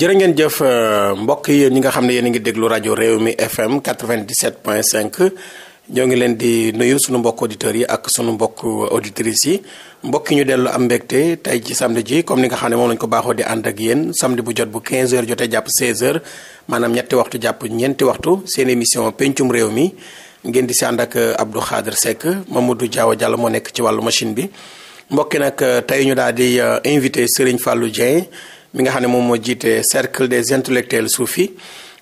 jërë ngeen jëf euh, mbokk yi ñi nga xam ne yéen a ngi déglu rajo réew mi FM 97.5 ñoo ngi leen di nuyu sunu mbokk auditeurs yi ak sunu mbokk auditrices yi mbokk yi ñu dellu am mbégte tey ci samedi ji comme ni nga xam ne moom lañu ko baaxoo di ànd ak yéen samedi bu jot bu 15h jotee jàpp 16h maanaam ñetti waxtu jàpp ñeenti waxtu seen émission pencum réew mi ngeen di si ànd ak euh, Abdou Khadre Seck Mamadou Diaw Diallo moo nekk ci wàllu machine bi mbokki nag euh, tey ñu daal di invité Serigne Fallou Dieng. mi nga xam ne moom moo jiite cercle des intellectuels soufi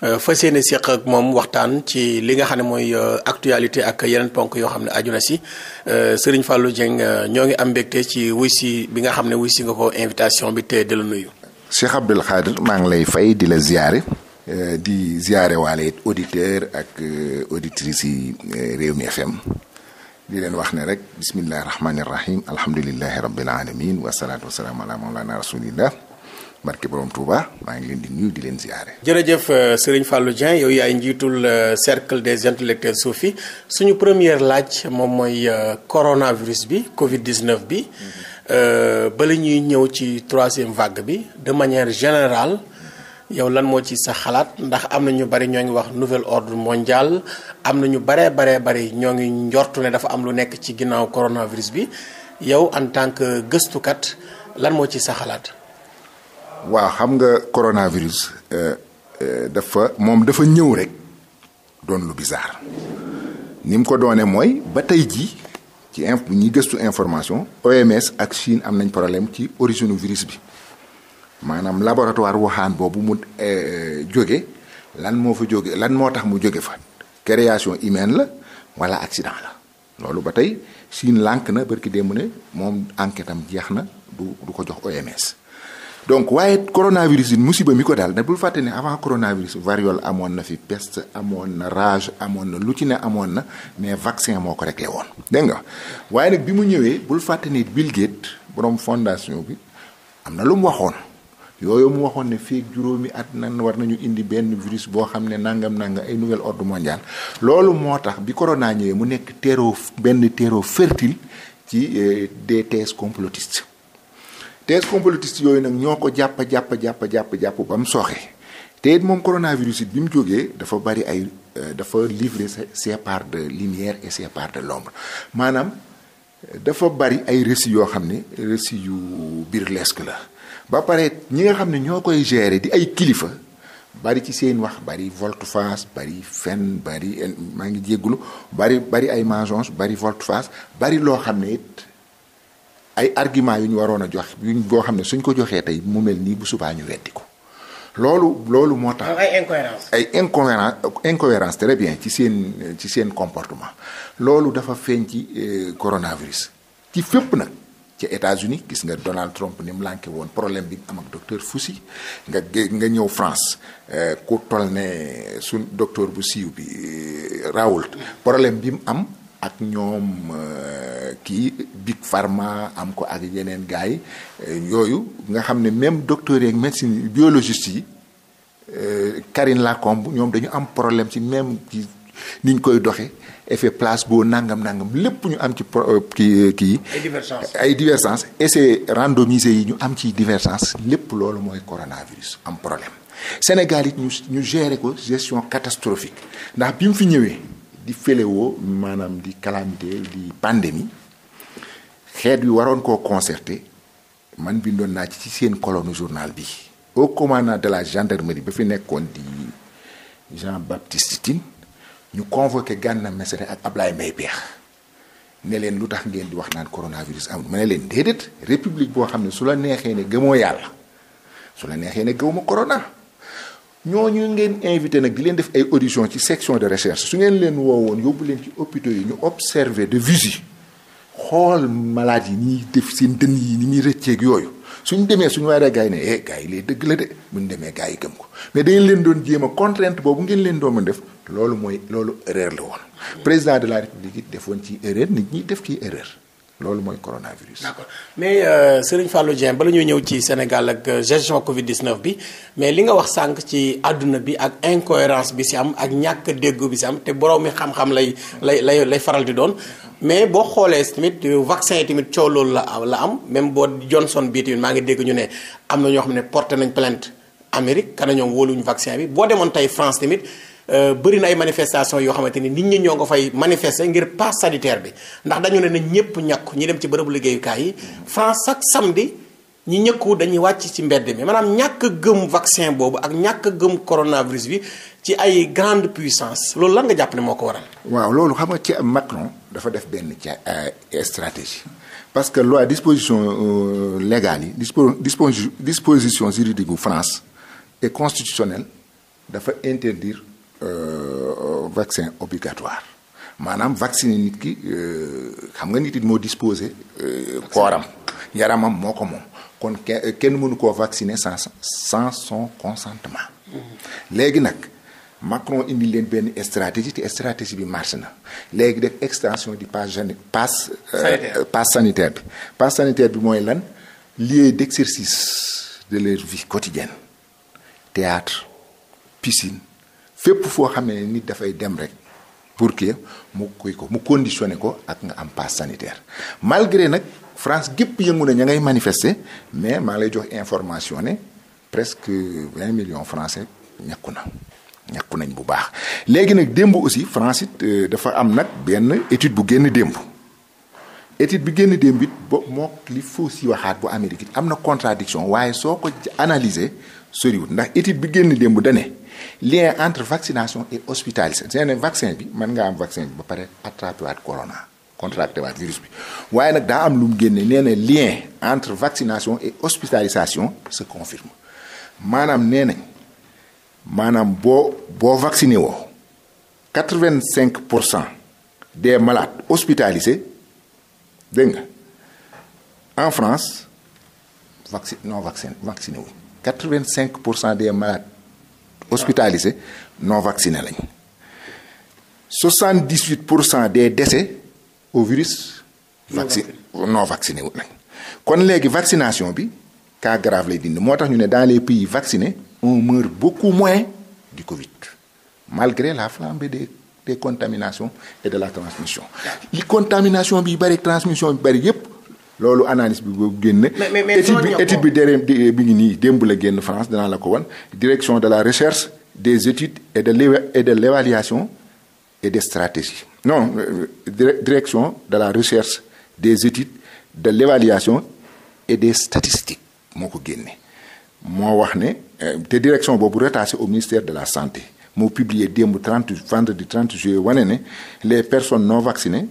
euh, fas yéene seq ak moom waxtaan ci li nga xam ne mooy euh, actualité ak yeneen ponk yoo xam ne aju na si euh, Serigne Fallou Dieng ñoo ngi am mbégte ci wuy si bi nga xam ne wuy si nga ko invitation bi te di la nuyu. Cheikh Abdoul Khadir maa ngi lay fay di la ziare. di ziare waale auditeur ak auditrice yi Rewmi FM di leen wax ne rek bismillahi rahmaani rahim alhamdulillahi rabbil alamin wasalaatu wasalaamu ala mawlana rasulillah barke borom Touba maa ngi leen di nuyu di leen ziare. jërëjëf euh, Serigne Fallou Dieng yow yaay njiitul euh, cercle des intellectuels soufi suñu première laaj moom mooy euh, coronavirus bi Covid 19 bi mm-hmm. bala ñuy ñëw ci troisième vague bi de manière générale. yow lan moo ci sa xalaat ndax am na ñu bari ñoo ngi wax nouvel ordre mondial am na ñu baree baree bari ñoo ngi njortu ne dafa am lu nekk ci ginnaaw coronavirus bi yow en tant que gëstukat lan moo ci sa xalaat. waaw xam nga coronavirus euh, euh, dafa moom dafa ñëw rek doon lu bizarre ni mu ko doone mooy ba tey ji ci in ñi gëstu information OMS ak Chine am nañ problème ci origine virus bi maanaam laboratoire waxaan boobu mu euh, jóge lan moo fa jóge lan moo tax mu jóge fa création humaine la wala accident la loolu ba tey Chine lànk na barki mu ne moom enquête am jeex na du du ko jox OMS donc waaye coronavirus bi musiba mi ko daal nag bul fàtte ne avant coronavirus variole amoon na fi peste amoon na rage amoon na lu ci ne amoon na mais vaccin moo ko réglé woon. dégg nga waaye nag bi mu ñëwee bul fàtte ne Bill Gates borom fondation bi am na lu mu waxoon yooyu mu waxoon ne fii juróomi at nan war nañu indi benn virus boo xam ne nangam nangam ay nouvelle ordre mondial loolu moo tax bi corona ñëwee mu nekk terreau benn terreau fertile ci euh, des thèses complotistes. thèse complotiste yooyu nag ñoo ko jàpp jàpp jàpp jàpp jàpp ba mu sooxee te it moom coronavirus it bi mu jógee dafa bari ay euh, dafa livre ses parts de limière et ses parts de l'ombre maanaam euh, dafa bari ay récits yoo xam ne récits yu biir burlesque la ba pare ñi nga xam ne ñoo koy gérer di ay kilifa bari ci seen wax bari volte-face bari fen bari maa ngi jéggulu bari bari ay mensonge bari volte-face bari loo xam ne it ay argument yu ñu waroon a jox yuñ boo xam ne suñ ko joxee tey mu mel nii bu subaa ñu weddi ko loolu loolu moo tax. ay incohérence ay incohérence bien ci seen ci seen comportement loolu dafa feeñ ci euh, coronavirus ci fépp nag. ci États-Unis gis nga Donald Trump ni mu lànke woon problème bi am ak docteur Fauci nga gé nga ñëw France euh, ku toll ne suñ docteur bu siiw bi euh, Raoult problème bi mu am ak ñoom euh, kii Big Pharma am ko ak yeneen gars yi euh, yooyu nga xam ne même docteurs yeeg médecine biologiste yi euh, Karine Lacombe ñoom dañu am problème ci même ci ni ñu koy doxee effet placebo nangam nangam lépp ñu am ci pro kii kii. ay divergence ay divergence yi ñu am ci divergence lépp loolu mooy coronavirus am problème Sénégal it ñu ñu ko gestion catastrophique ndax bi mu fi ñëwee. di fléau maanaam di calamité di pandémie xeet wi waroon koo concerté man bindoon naa ci ci seen colonne journal bi au commandant de la gendarmerie ba fi nekkoon di Jean Baptiste Tine ñu convoqué Gana Messere ak Ablaye Mbaye Peex ne leen lu tax ngeen di wax naan coronavirus amul ma ne leen déedéet république boo xam ne su la neexee ne gëmoo yàlla su la neexee ne gëwuma corona ñooñu ngeen invité nag di leen def ay audition ci section de recherche su ngeen leen woo woowoon yóbbu leen ci hôpitaux yi ñu observer de visu xool malade yi ni ñuy def seen dënn yi ni ñuy rëcceeg yooyu suñ demee suñu waaree gars yi ne eh gars dëgg la de buñ demee gars yi gëm ko mais dañ leen doon jéem a contrainte boobu ngeen leen doon mën def loolu mooy loolu erreur la woon président de la république it defoon ci erreur nit ñi def kii erreur. loolu mooy coronavirus. d'accord mais euh, Serigne Fallou Dieng bala ñuy ñëw ci Sénégal ak euh, gestion Covid bi mais li nga wax sànq ci àdduna bi ak incohérence bi si am ak ñàkk déggu bi si am te borom mi xam-xam lay lay lay lay faral di doon mais boo xoolee tamit euh, vaccin yi tamit coow loolu la la am même boo Johnson bii tamit maa ngi dégg ñu ne am na ñoo xam ne porté nañ plainte Amérique kana ñoom ñu vaccin bi boo demoon tey France tamit. Euh, bëri na ay manifestation yoo xamante ni nit ñi ñoo nga fay manifester ngir pass sanitaire bi ndax dañu ne na ñëpp ñàkku ñi dem ci bërëbu liggéeyukaay yi France chaque samedi ñi ñëkku dañuy wàcc ci mbedd mi maanaam ñàkk gëm vaccin boobu ak ñàkk gëm coronavirus bi ci ay grande puissance loolu lan nga jàpp ne moo ko waral waaw loolu xam nga ci Macron dafa def benn ci euh, stratégie parce que loi disposition euh, légale yi disposition juridique bu France et constitutionnelle dafa interdire Euh, vaccin obligatoire maanaam vacciner nit ki euh, xam nga nit it moo disposé. Euh, kooram yaramam moo ko moom. kon kenn mënu koo vacciner sans sans son consentement. Mm-hmm. léegi nag Macron indi leen benn stratégie te stratégie bi marché na léegi def extension du pass pass. sanitaire pass sanitaire bi. pass sanitaire bi mooy lan lieu d' exercice de leur vie quotidienne théâtre piscine. fépp foo xamee ne nit dafay dem rek pour que mu kuy ko mu conditionné ko ak nga am passe sanitaire malgré nag France gépp yëngu na ña ngay manifester mais maa lay jox information ne presque vingt million français ñàkku na ñàkku nañ bu baax léegi nag démb aussi France it euh, dafa am nag benn étude bu génn démb étude bi génn démb it ba moo li foo si waxaat bu Amérique it am na contradiction waaye soo ko analyser soriwut ndax étude bi génn démb dane lien entre vaccination et hospitalisation seen vaccin bi mën ngaa am vaccin bi ba pare attrapé waat corona contracté waat virus bi waaye nag daa am lu mu génne nee lien entre vaccination et hospitalisation se confirme maanaam nee nañ maanaam boo boo vacciné woo quatre-vingt-cinq pour cent des malades hospitalisés dégg en France vacci non vacciné vacciné wuñ quatre-vingt-cinq pour cent des malades hospitalisés non vaccinés lañ 78 pour cent des décès au virus. vacciné non vacciné wu kon léegi vaccination bi cas grave lay dindi moo tax ñu ne dans les pays vaccinés on meurt beaucoup moins du Covid malgré la flambée des des contaminations et de la transmission. li contamination bi bari transmission bi bari yëpp loolu analyse bi boobu génn. mais mais étude bi étude bi bi ngi nii démb la génn France danaa la ko wan direction de la recherche des études et de l' et de l' des stratégies non euh, direction de la recherche des études de l' des statistiques moo ko génne. moo wax ne euh, te direction boobu rattaché au ministère de la santé moo publié démb 30 vendredi 30 juillet wane ne les personnes non vaccinées.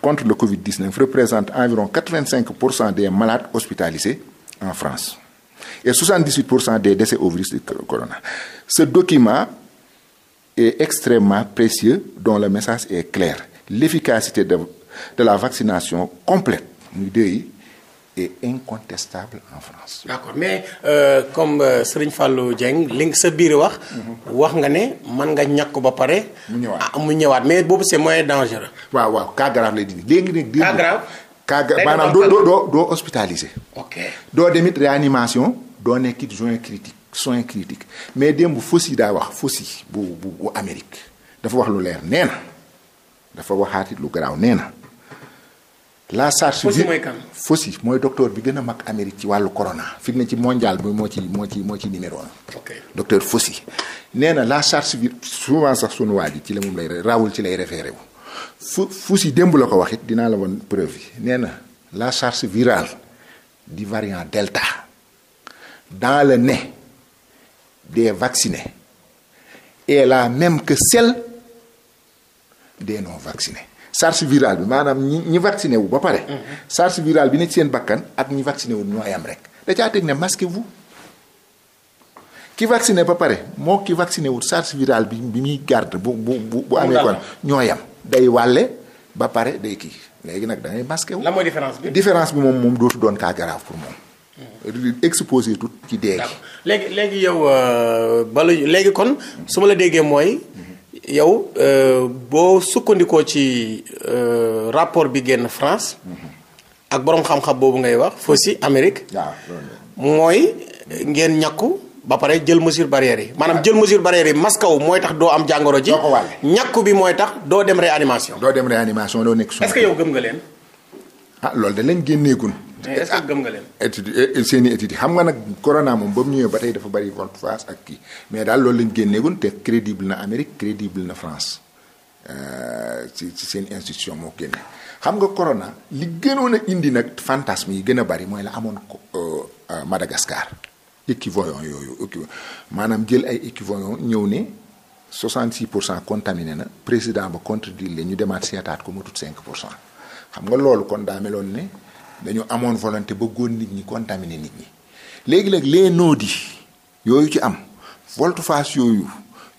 contre le Covid-19 représente environ 85% des malades hospitalisés en France et 78% des décès au virus du corona. Ce document est extrêmement précieux dont le message est clair. L'efficacité de, de la vaccination complète est incontestable en France. mais euh, comme euh, Serigne Fallou Dieng li nga sa biir wax. wax nga ne man nga ñàkk ba pare. mu ñëwaat ah, mu ñëwaat mais boobu c'est moins dangereux. waaw waaw cas grave lay dindi léegi nag. cas grave cas grave maanaam doo doo doo doo demit réanimation doo nekkit joint critique soin critique mais démb Fossi daa wax Fossi bu bu bu dafa wax lu leer nee na dafa waxaatit lu garaaw nee la charge bi mooy docteur bi gën a mag Amérique ci wàllu corona fi mu ci mondial bi moo ci moo ci moo ci numéro un docteur Fauci nee na la charge bi souvent sax sunu waa ji ci la moom lay raawul ci lay référé wu fu Fauci démb la ko wax it dinaa la woon preuve yi nee na la charge virale du variant delta dans le ne des vaccinés est la même que celle des non vaccinés charge virale bi maanaam ñi ñi vacciné wu ba pare. Mhm. charge virale bi ne ci seen bàkkan ak ñi vacciné wu ñooy am rek da caa teg ne masquez-vous ki vacciné ba pare moo ki vacciné wu charge virale bi bi muy garde bu bu bu bu amee kon ñoo yam day wàlle ba pare day kii léegi nag da ngay masqué wu. lan mooy différence bi différence bi moom moom dootu doon cas grave pour moom. Mhm. exposé tout ci dégg. léegi léegi yow euh, bala léegi kon su ma la déggee mooy. Mhm. yow euh, boo sukkandikoo ci euh, rapport bi génn France. Mhm. ak borom xam-xam boobu ngay wax foofu si Amérique. mooy ngeen ñàkku ba pare jël mesure barrière yi maanaam jël mesure barrière yi maskaw mooy tax doo am jàngoro ji. ñàkku bi mooy tax doo dem réanimation. doo dem réanimation loo nekk. est-ce que gëm nga leen. ah loolu da leen génneegun. mais est-ce ah, leen. étude eh, eh, seen i xam nga nag corona moom ba mu ñëwee ba tey dafa bari volte face ak kii mais daal loolu lañ génneegun te crédible na Amérique crédible na France euh, ci ci seen institution moo génne. xam nga corona li gënoon a indi nag fantasme yi gën a bari mooy la amoon euh, Madagascar équivoyant yooyu maanaam jël ay équivoyant ñëw ne 66 pour cent contaminé na président ba contredire la ñu demaat seetaat ko mu pour cent. xam nga loolu kon daa meloon ne dañu amoon volonté bëggoon nit ñi contaminer nit ñi léegi nag les noo di yooyu ci am volte-face yooyu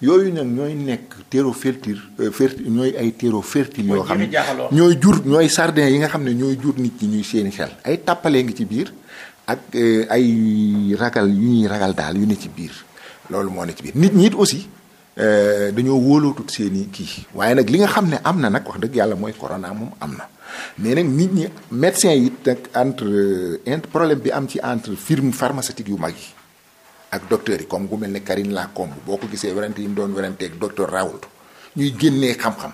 yooyu nag ñooy nekk terreau fertile euh, fertile ñooy ay terreau fertile yoo xam ne ñooy jur ñooy sardin yi nga xam ne ñooy jur nit ñi ñuy seeni xel ay tàppalee ngi ci biir ak euh, ay ragal yu ñuy ragal daal yu ne ci biir loolu moo ne ci biir nit ñi aussi Euh, dañoo wóolootut seeni kii waaye nag li nga xam ne am na nag wax dëgg yàlla mooy corona moom am na mais nag nit ñi médecin yi nag entre entre euh, problème bi am ci entre firme pharmaceutique yu mag yi ak docteurs yi comme ku mel ne Karine Lacombe boo ko gisee werante yi mu doon werante ak docteur ñuy génnee xam-xam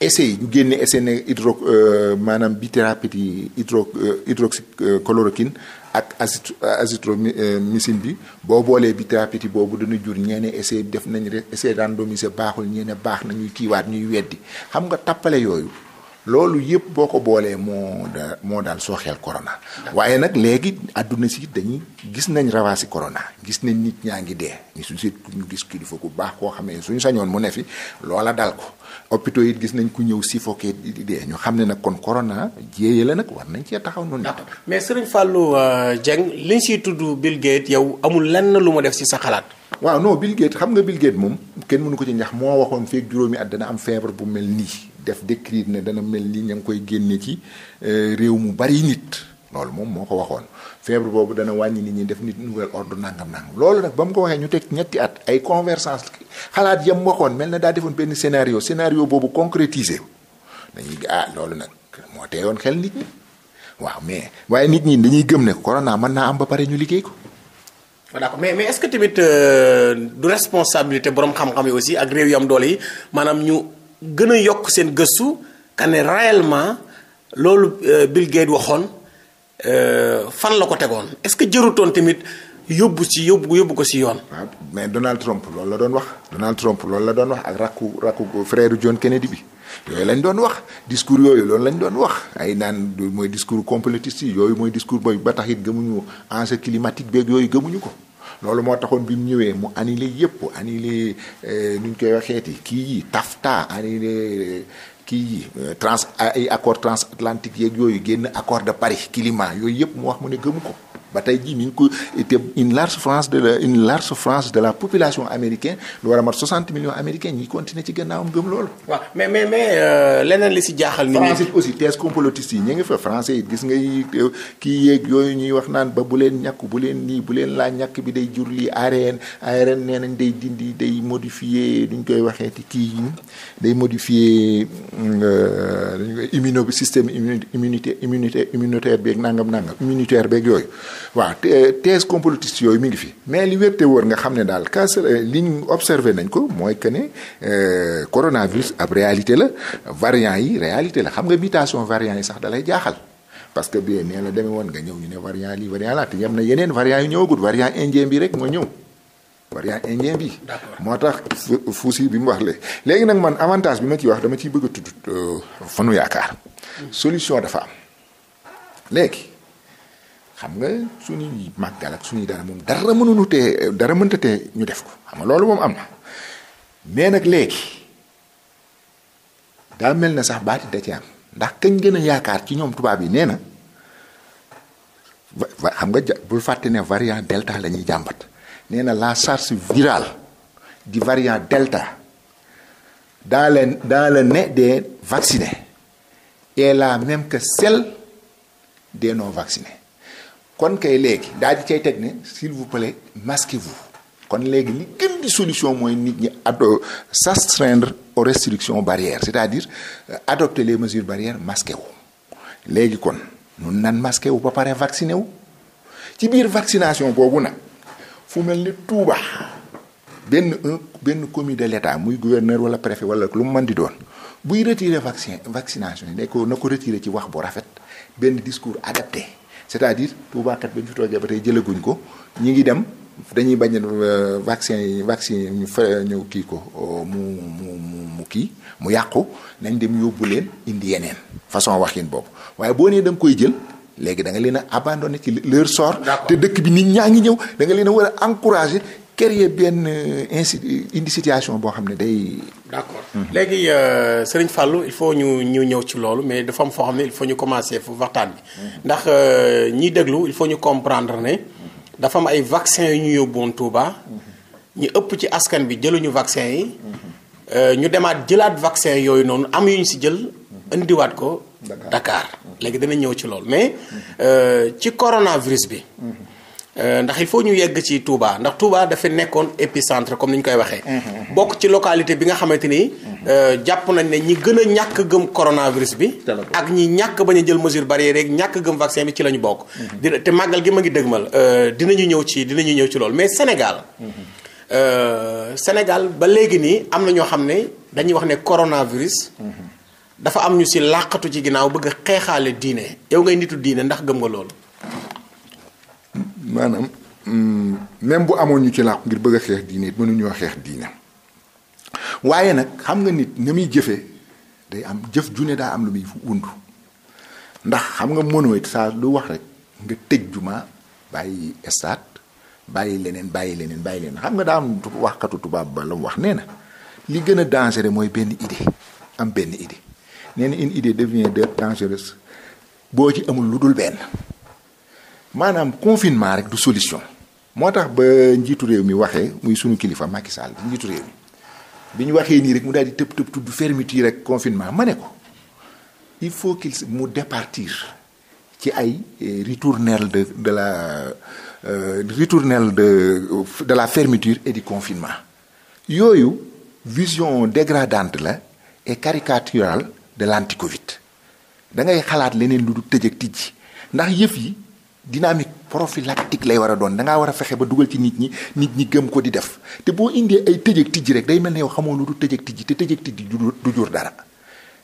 essai ñu génne essai ne hydro euh, maanaam bi thérapie hydro hydroxychloroquine ak azit azithromycine bi boo boolee bi thérapie boobu dana jur ñeene essai def nañ essai randomisé baaxul ñeene baax na ñuy kiiwaat ñuy weddi xam nga tappale yooyu loolu yëpp boo ko boolee moo da moo daal soo xel corona waaye nag léegi àdduna si dañu gis nañ rawaasi corona gis nañ nit ñaa ngi dee ñu su si ñu gis kilifa ku baax koo xam ne suñu sañoon mu ne fi loola dal ko hôpitaux yi gis nañ ku ñëw si fokkee di xam ne nag kon corona jéeye la nag war nañ cee taxaw noonu. d'accord mais Serigne Fallou euh, Dieng liñ siy tudd Bill Gates yow amul lenn lu ma def si sa xalaat. waaw noo Bill Gates xam nga Bill Gates moom kenn mënu ko ci ñax moo waxoon feeg juróomi at dana am feebar bu mel nii. def décrire ne dana mel ni ña koy génne ci euh, réew mu bari nit loolu moom moo ko waxoon feebar boobu dana wàññi nit ñi def nit nouvel ordre nangam nangam loolu nag ba mu ko waxee ñu teg ñetti at ay convergence xalaat yam waxoon mel na daa defoon benn scénario scénario boobu concrétisé dañuy ah loolu nag moo teeyoon xel nit ñi waaw waaye nit ñi dañuy gëm ne corona mën naa am ba pare ñu liggéey ko. d'accord mais mais est que tamit euh, du responsabilité borom xam-xam yi aussi ak réew yam doole yi maanaam ñu. gën a yokk seen gëstu que ne réellement loolu euh, Bill Gates waxoon euh, fan la ko tegoon est-ce que jërutoon tamit yóbbu ci yóbbu yóbbu ko si yoon. waaw mais Donald Trump loolu la doon wax. Donald Trump loolu la doon wax ak rakku rakku frère John Kennedy bi. yooyu lañ doon wax discours yooyu loolu lañ doon wax ay naan mooy discours complotiste yi yooyu mooy discours mooy ba tax it gëmuñu enjeu climatique beeg yooyu gëmuñu ko. loolu moo taxoon bi mu ñëwee mu annulé yëpp annulé euh, nu ñu koy waxeeti kii yi TAFTA annulé euh, kii yi euh, trans ay accord transatlantique yeeg yooyu génn accord de Paris climat yooyu yëpp mu wax mu ne gëmu ko ba tey jii mi ngi ko était une large France de la une large France de la population américaine lu war a mat 60 millions américains ñi continuer ci gannaawam gëm loolu. waaw mais mais mais euh, leneen li si jaaxal. nit ñi aussi thèse complotiste yi ñu ngi fa français yi gis nga euh, kii yéeg yooyu ñuy wax naan ba bu leen ñàkk bu leen nii bu leen laa ñàkk bi day jur lii ARN ARN nee nañ day dindi day modifier duñ koy waxee ci kii day modifier dañ mm, euh, koy immuno système immunité immunité immunitaire beeg nangam nangam immunitaire beeg yooyu. waaw euh, thèse complotiste yooyu mi ngi fi mais li wérte wóor nga xam ne daal cas euh, li ñu observé nañ ko mooy que ne euh, coronavirus ab réalité la variant yi réalité la xam nga mutation variant yi sax dalay jaaxal parce que bi nee la demee woon nga ñëw ñu ne variant lii variant la te yem na yeneen variant yu ñëwagul variant indien bi rek moo ñëw variant indien bi moo tax fuusi bi mu wax le léegi nag man avantage bi ma ciy wax dama ciy bëgg a tudd fanu hmm. solution dafa am xam nga suñuy màggal ak suñuy dara moom dara mënuñu tee dara mënta ñu def ko xam nga loolu moom am na mais nag léegi daa mel na sax baati da ci am ndax kañ gën a yaakaar ci ñoom tubaab yi nee na xam nga bul fàtte ne variant delta la ñuy jàmbat nee na la charge di du variant delta dans le dans le nez des vaccinés est la même que celle des kon kay léegi daal di cay teg ne s'il vous plaît masquez-vous kon léegi li gën di solution mooy nit ñi ado s'astreindre aux restrictions barrières c'est-à-dire euh, adopter les mesures barrières masqué wu léegi kon nun nan masqué wu ba pare vacciné wu ci biir vaccination boobu nag fu mel ni Touba benn un benn commis de l'État muy gouverneur wala préfet wala lu mu mën di doon buy retirer vaccin vaccination yi ne ko na ko retirer ci wax bu rafet benn discours adapté c'est-à-dire tuubaakat ba ñu fi toogee ba tey jëlaguñ ko ñi ngi dem dañuy bañ euh, vaccin yi vaccin yi ñu fa ñëw kii ko euh, mu mu mu kii mu yàqu nañ dem yóbbu leen indi yeneen façon waxin boobu waaye boo nee da koy jël léegi da nga leen a abandonné ci leur sort. te dëkk bi nit ñaa ngi ñëw da nga leen a war a encouragé créer benn euh, insi indi situation boo xam ne day. d' accord léegi euh, Serigne Fallou il faut ñu ñu ñëw ci loolu mais dafa foo xam ne il faut ñu commencer fu waxtaan bi ndax euh, ñiy déglu il faut ñu comprendre ne dafa am ay vaccin yu ñu yóbbuwoon Touba. ñu ëpp ci askan bi jëluñu vaccin yi. ñu demaat jëlaat vaccin yooyu noonu am yu ñu si jël. indiwaat ko. Dakar léegi dana ñëw ci loolu mais ci coronavirus bi. Mhm. Euh, ndax il faut ñu yegg ci tuubaa ndax Touba dafa nekkoon épicentre comme ni ñu koy waxee. Mm-hmm, mm-hmm. bokk ci localité bi nga xamante ni. Mm-hmm. Euh, jàpp nañ ne ñi gën a ñàkk gëm coronavirus bi. ak ñi ñàkk ba ñu jël mesure bari rek ñàkk gëm vaccin bi ci la ñu bokk. dina te màggal gi ma ngi dëgmal euh, dinañu ñëw ci dinañu ñëw ci loolu mais Sénégal. Sénégal ba léegi nii am na ñoo xam ne dañuy wax ne coronavirus. dafa am ñu si làqatu ci ginnaaw bëgg xeexaale diine yow ngay nitu diine ndax gëm nga loolu. maanaam mm, même bu amoon ñu ci làqu ngir bëgg a xeex diine it mënuñoo xeex diine waaye nag xam nga nit na muy jëfee day am jëf ju ne daa am lu muy wund ndax xam nga mënoo it saa lu wax rek nga tëj jumaa bàyyi estaat bàyyi leneen bàyyi leneen bàyyi leneen xam nga daa am waxkatu tubaab ba la mu wax nee na li gën a dangereux mooy benn idée am benn idée nee na une idée devient dangereuse boo ci amul lu dul benn maanaam confinement rek du solution moo tax ba njiitu réew mi waxee muy sunu kilifa Macky Sall njiitu réew mi bi ñu waxee nii rek mu daal di tëb tëb tudd fermeture rek confinement ma ne ko il faut qu'il mu départir ci ay eh, ritournelle de de la euh, ritournelle de de la fermeture et di confinement yooyu vision dégradante la et caricaturale de l'anti-Covid da ngay xalaat leneen lu du tëj ak tijji ndax yëf yi. dynamique prophylactique lay war a doon da ngaa war a fexe ba dugal ci nit ñi nit ñi gëm ko di def te boo indee ay tëjëg tijji rek day mel ne yow xamoo lu du tëjëg tijji te tëjëg tijji du jur dara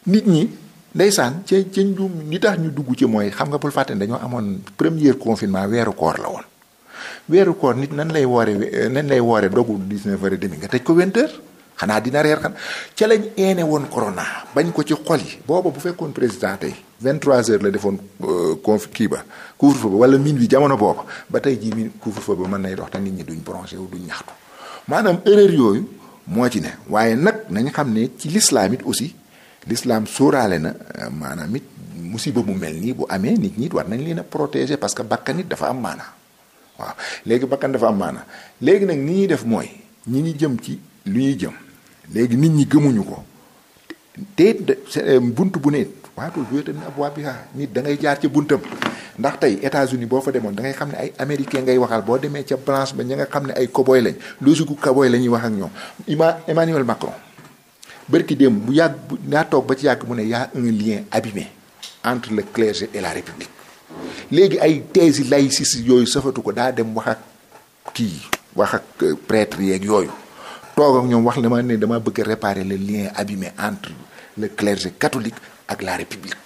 nit ñi ndeysaan ca ci njum li tax ñu dugg ci mooy xam nga bul fàtte ne dañoo amoon premier confinement weeru koor la woon weeru koor nit nan lay woore nan lay woore dogu 19 heures et nga tëj ko 20 xanaa dina reer xan ca lañ eene woon corona bañ ko ci xol yi booba bu fekkoon président tey 23 heures la defoon euh, conf kii ba couvre feu wala min bi jamono booba ba tey jii min couvre feu ba mën nay dox te nit ñi duñ bronché wu duñ ñaxtu maanaam erreur yooyu moo ci ne waaye nag nañ xam ne ci l'islam it aussi l'islam sóoraale na euh, maanaam it musiba mu mel nii bu amee nit ñi war nañ leen a protéger parce que bakkan dafa am maanaa waaw léegi bakkan dafa am maanaa léegi nag ni ñuy def mooy ñi ngi jëm ci lu ñuy jëm léegi nit ñi gëmuñu ko te euh, bunt bu ne waatul wéetal ni ab wàbbihaa nit da ngay jaar ca buntam ndax tey États-Unis boo fa demoon dangay xam ne ay américain ngay waxal boo demee ca blanche ba ña nga xam ne ay cowboy lañ logique gu cowboy la ñuy wax ak ñoom ima Emmanuel Macron bërki démb bu yàgg bu naa toog ba ci yàgg mu ne y a un lien abîmé entre le clergé et la république léegi ay thèse laïciste yooyu safatu ko daa dem wax ak kii wax ak euh, prêtre yeeg yooyu toog ak ñoom wax la ma ne dama bëgg réparer le lien abîmé entre le clergé ak la république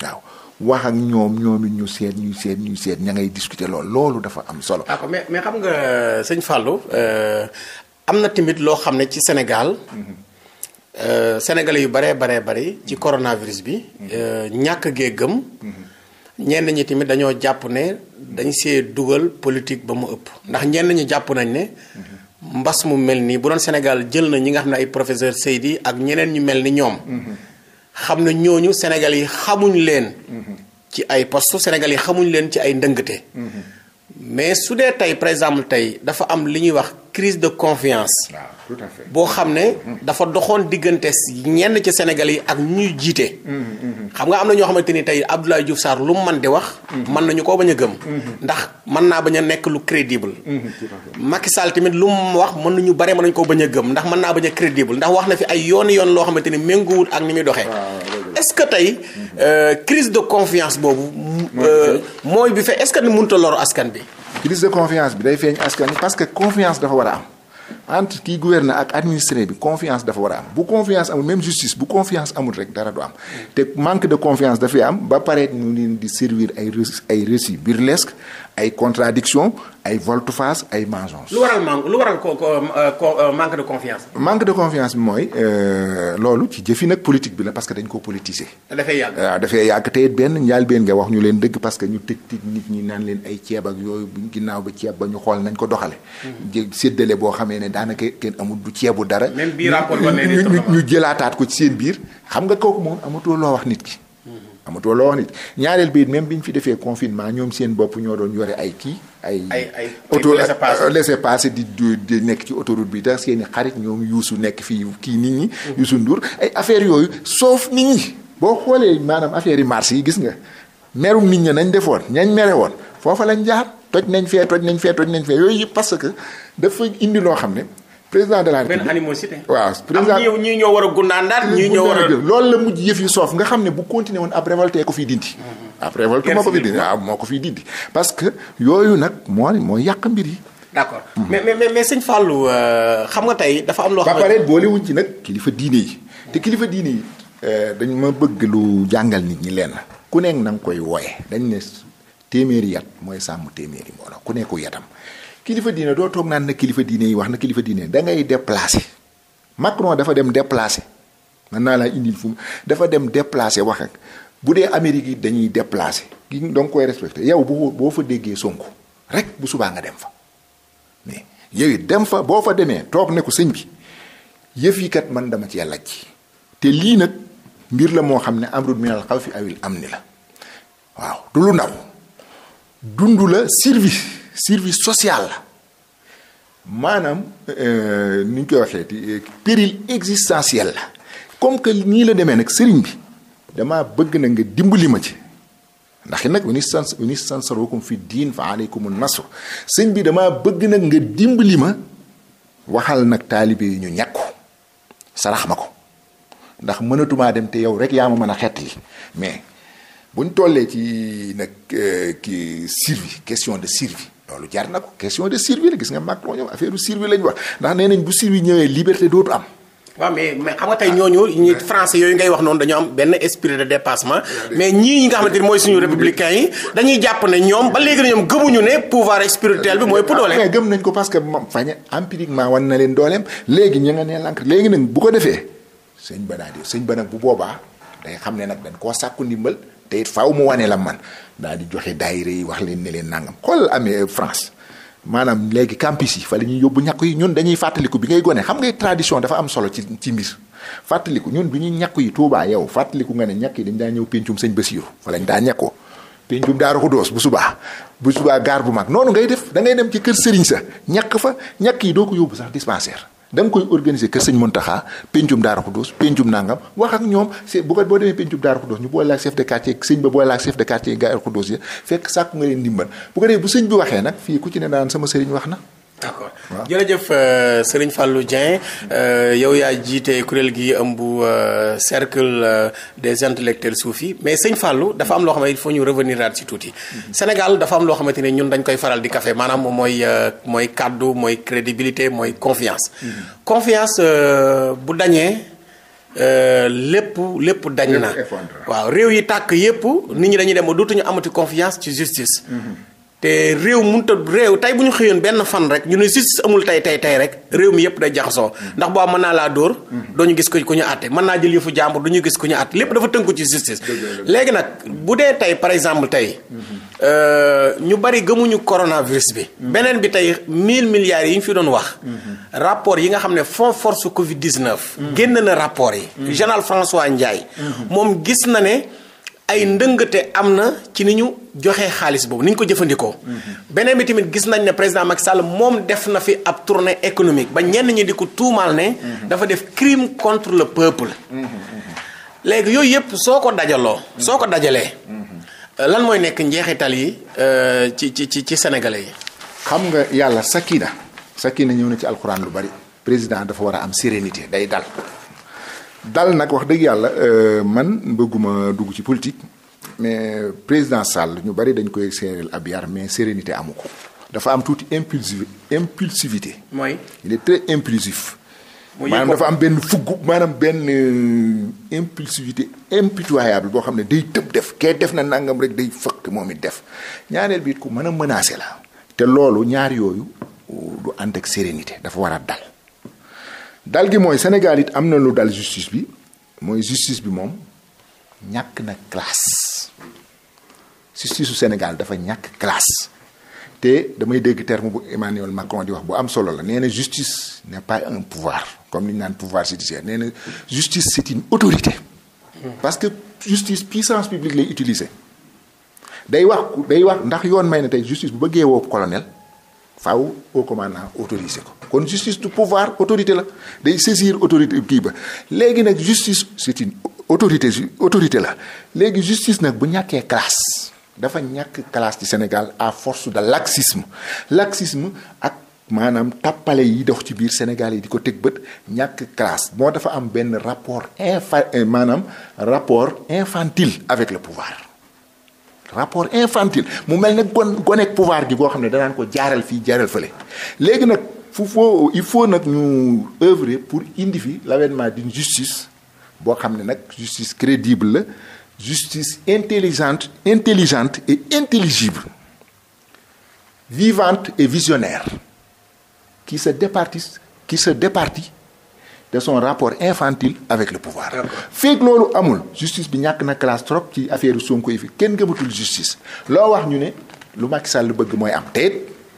waaw wax ak ñoom ñoom it ñu seet ñu seet ñu seet ña ngay discuter lool loolu dafa am solo. d'accord mais mais xam nga sëñ Fallou euh, am na tamit loo xam ne ci Sénégal. Mhm. Euh, sénégalais yu baree baree bari mhm. ci coronavirus bi. Mhm. Euh, ñàkk géegam gëm. ñenn ñi tamit dañoo jàpp ne dañ see dugal politique ba mu ëpp ndax ñenn ñi jàpp nañ ne. mbas mu mel nii bu doon Sénégal jël na ñi nga xam ne ay professeur Seydi ak ñeneen ñu mel ni ñoom. xam na ñooñu Sénégal yi xamuñ leen. ci ay poste Sénégal yi xamuñ leen ci ay ndëngte. Mhm. mais su dee tey par exemple tey dafa am li ñuy wax crise de confiance. boo xam ne dafa doxoon diggante ñenn ci Sénégal yi ak ñuy jiite. Mm, mm, mm. xam nga am na ñoo xamante ni tey Abdoulaye Diouf Sarr lu mu mën di wax. Mm-hmm. mën nañu koo bañ a gëm. Mm-hmm. ndax mën naa bañ a nekk lu crédible. Mm-hmm, Macky Sall tamit lu mu wax mën nañu bare mën nañu koo bañ a gëm ndax mën naa bañ a crédible ndax wax na fi ay yoon yoon loo xamante ni méngoowul ak ni muy doxee. Ah, est-ce que tey euh, crise de confiance boobu. mooy euh, bi fe est-ce que ni munta a lor askan bi. crise de confiance bi day feeñ askan parce que confiance dafa war a am. entre kii gouverne ak administré bi confiance dafa war a am bu confiance amul même justice bu confiance amul rek dara du am mm. te manque de confiance dafay am ba pare ñu leen di servir ay ay récits burlesques ay contradiction ay volte-face ay mensonges. lu waral manque lu waral euh, euh, manque de confiance. manque de confiance bi mooy euh, loolu ci jëfi nag politique bi la parce que dañ ko politiser. dafay yàgg waaw ah, dafay yàgg te it benn njaal benn nga wax ñu leen dëgg parce que ñu tëj tëj nit ñi naan leen ay ceeb ak yooyu ginnaaw ba ceeb ba ñu xool nañ ko doxale mm. boo xamee daanaka kenn amul du ceebu dara. même bii rapport ba léegi ñu jëlaataat ko ci seen biir xam nga kooku moom amatoo loo wax nit ki. amatoo loo wax nit ñaareel bi même bi ñu fi defee confinement ñoom seen bopp ñoo doon yore ay kii. ay ay auto laisser passer euh, di di nekk ci autoroute bi tax seen i xarit ñoom yuusu nekk fii kii nit ñi. Mhm. yuusu Ndour ay affaire yooyu sauf nit ñi. boo xoolee maanaam affaire yi marché yi gis nga merum nit ña nañ defoon ñañ mere woon foofa lañ jaar. toj nañ fee toj nañ fee toj nañ fee yooyu yëpp parce que dafa indi loo xam ne président de la république benn animosité. waaw président am ñii ñoo war a gundaandaat ñii ñoo la mujj yëf yi soof nga xam ne bu continué woon ab révolté ko fiy dindi. Mhm. ab révolté moo ko fiy dindi waaw moo ko fiy dindi. parce que yooyu nag moo moo yàq mbir yi. d'accord mhm. mais mais mais sëñ Fallou euh, xam nga tey dafa am. loo xam ne ba pare boolewuñ ci nag kilifa diine yi. te kilifa diine yi. Euh, dañu ma bëgg lu jàngal nit ñi leen ku nekk na koy wooye dañ téeméeri yat mooy sàmm téeméeri mbooloo ku nekku yatam kilifa diine doo toog naan na kilifa diine yi wax na kilifa diine da ngay déplacé Macron dafa dem déplacé mën naa laa indil fu dafa dem déplacé wax ak bu dee Amérique yi dañuy déplacé gi donc koy respecté yow boo boo fa déggee Sonko rek bu subaa nga dem fa mais yow dem fa boo fa demee toog ne ko sëñ bi yëf yi kat man dama ci yàlla ci te lii nag mbir la moo xam ne amrud minal xaw fi am ni la waaw du lu dund la service service social la maanaam euh, ni ñu koy waxee euh, péril existentiel la comme que nii la demee nag sëriñ bi damaa bëgg na nga dimbali ma ci ndaxi nag unis san unis sansarokum fi diin fa aleykum nasru sëñ bi damaa bëgg nag nga dimbali ma waxal nag taalibe yi ñu ñàkku sarax ma ko ndax mënatumaa dem te yow rek yaa ma mën a xettali mais bu ñu tollee ci nag euh, kii survie question de survie loolu jar na ko question de survie la gis nga Macron ñoom affaire survie la ñu wax ndax nee nañ bu survie ñëwee liberté dootu am. waaw mais xam nga tey ñooñu ñi français yooyu ngay wax noonu dañoo am benn esprit de dépassement mais ñii ñi nga xamante ni mooy suñu républicain yi dañuy jàpp ne ñoom ba léegi ñoom gëmuñu ne pouvoir spirituel bi mooy. pour mais gëm nañ ko parce que moom faña empiriquement wan na leen dooleem léegi ñu nga nee lank léegi nag bu ko defee sëñ ba naa di bu boobaa day xam ne nag dañ koo sàkku ndimbal te it mu wane la man daal di joxe daayira yi wax leen ne leen nangam xool amee France maanaam léegi campus yi fa la ñuy yóbbu ñàkk yi ñun dañuy fàttaliku bi ngay gone xam ngay tradition dafa am solo ci ci mbir fàttaliku ñun bi ñuy ñàkk yi Tuubaa yow fàttaliku nga ne ñàkk yi dañ daa ñëw péncum sëñ Basiiru fa lañ daa ñàkkoo péncum Daaru Xudoos bu subaa bu subaa gaar bu mag noonu ngay def da ngay dem ci kër sëriñ sa ñàkk fa ñàkk yi doo ko yóbbu sax dispensaire da nga koy organiser kër sëñ Muntaxa pencum Daaru Xuddoos pencum nangam wax ak ñoom c'est bu ko boo demee pencum Daaru Xuddoos ñu boole la ak chef de quartier sëñ ba boole la ak chef de quartier Daaru Xuddoos ya fekk sàkku nga leen ndimbal bu bu sëñ bi waxee nag fii ku ci ne daan sama sëriñ wax na d' accord jërëjëf fàllu euh, Fallou Dieng euh, yow yaa jiite kuréel gi ëmb euh, cercle des intellectuels soufi mais sëñ fàllu dafa am loo xamante il ñu revenir naat si tuuti. Mhm. Sénégal dafa am loo xamante ne ñun dañ koy faral di kafe maanaam mooy mooy kàddu mooy crédibilité mooy confiance. Mhm. confiance bu dañee. lépp lépp dañ na waaw réew yi tàkk yépp nit ñi dañuy dem ba dootuñu amati confiance ci justice. Mhm. te réew mënut a réew tey bu ñu xëyoon benn fan rek ñu ne justice amul tey tey tey rek réew mi yëpp day jaxasoo ndax boo mën naa laa dóor dooñu gis ko ku ñu àtte mën naa jël yëfu jàmbur du ñu gis ku ñu àtte lépp dafa tënku ci justice léegi nag bu dee tey par exemple tey euh, ñu bari gëmuñu coronavirus bi beneen bi tey mille milliards yi ñu fi doon wax rapport yi nga xam ne fonds force covid 19 génn na rapport yi général François Ndiaye moom gis na ne ay ndëngate am na ci ni ñu joxe xaalis boobu ni ñu ko jëfandikoo. Mhm. beneen bi tamit gis nañ ne président Macky Sall moom def na fi ab tournée économique ba ñenn ñi di ko tuumaal ne. Mhm. dafa def crime contre le peuple. Mhm, léegi yooyu yëpp soo ko dajaloo. soo ko dajalee. Euh, lan mooy nekk njeexital yi euh, ci ci ci ci sénégalais yi. xam nga yàlla sakina sakina ñëw na ci alxuraan lu bari président dafa war a am sérénité day dal. dal nag wax dëgg yàlla euh, man bëgguma dugg ci politique mais président Sall ñu bari dañ koy séeréel ab yar mais sérénité amu ko dafa am tuuti impulsiv impulsivité. mooy il est très maanaam dafa am benn fugg maanaam benn euh, impulsivité impitoyable boo xam ne day tëb def kee def na nangam rek day fëkk moom it def ñaareel bi it ku mën a menacer la. te loolu ñaar yooyu euh, du ànd ak sérénité dafa war a dal. dal gi mooy Sénégal it am na lu dal justice bi mooy justice bi moom ñàkk na classe justice su Sénégal dafa ñàkk classe te damay dégg terme bu Emmanuel Macron di wax bu am solo la nee na justice n'est pas un pouvoir comme li naan pouvoir judiciaire nee na justice c'est une autorité parce que justice puissance publique lay utiliser day wax day wax ndax yoon may na tey justice bu bëggee woo colonel faaw au commandant autorisé ko kon justice du pouvoir autorité la day saisir autorité kii ba léegi nag justice c'est une autorité autorité la léegi justice nag bu ñàkkee classe dafa ñàkk classe ci Sénégal à force de laxisme laxisme ak maanaam tàppale yi dox ci biir Sénégal yi di ko teg bët ñàkk classe moo dafa am benn rapport infa maanaam rapport infantile avec le pouvoir rapport infantile mu mel ne gon goneeg pouvoir gi boo xam ne danaan ko jaaral fii jaaral fële léegi nag fu foo il faut nag ñu œuvrer pour indi fi l'avènement d'une justice boo xam ne nag justice crédible la justice intelligente intelligente et intelligible vivante et visionnaire qui se départit qui se départit de son rapport infantile avec le pouvoir. fekk loolu amul justice bi ñàkk na classe trop ci affaire Sonko yi fi kenn gëmatul justice loo wax ñu ne lu Macky Sall lu bëgg mooy am te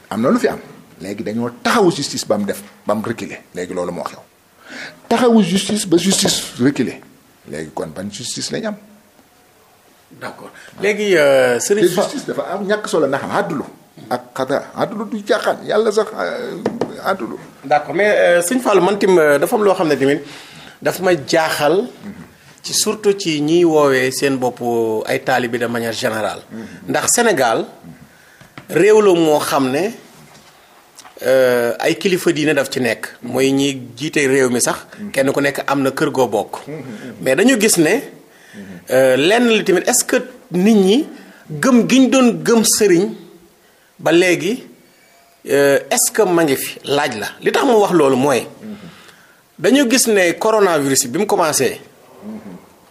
am na lu fi am léegi dañoo taxawu justice ba mu def ba mu reculer léegi loolu moo xew taxawu justice ba justice reculer léegi kon ban justice lañ am. d'accord léegi euh, Serigne Fall justice dafa am ñàkk solo na xam ak xadaa àddulu du jaaxaan yàlla sax euh, àddulu d'accord mais euh, Serigne Fall man tim dafa loo xam ne tamit daf ma jaaxal ci surtout ci ñiy woowee seen bopp ay taalibe de manière générale mhm. ndax senegal réew la moo xam ne ay kilifa diine daf ci nekk mooy ñi jiite réew mi sax mhm. kenn ku nekk am na kër goo bokk mhm. mais dañu gis ne Euh, lenn li tamit est-ce que nit ñi gëm gi ñu doon gëm sëriñ ba léegi euh, est-ce que ma ngi fi laaj la li tax mu wax loolu mooy dañu gis ne coronavirus bi mu commencé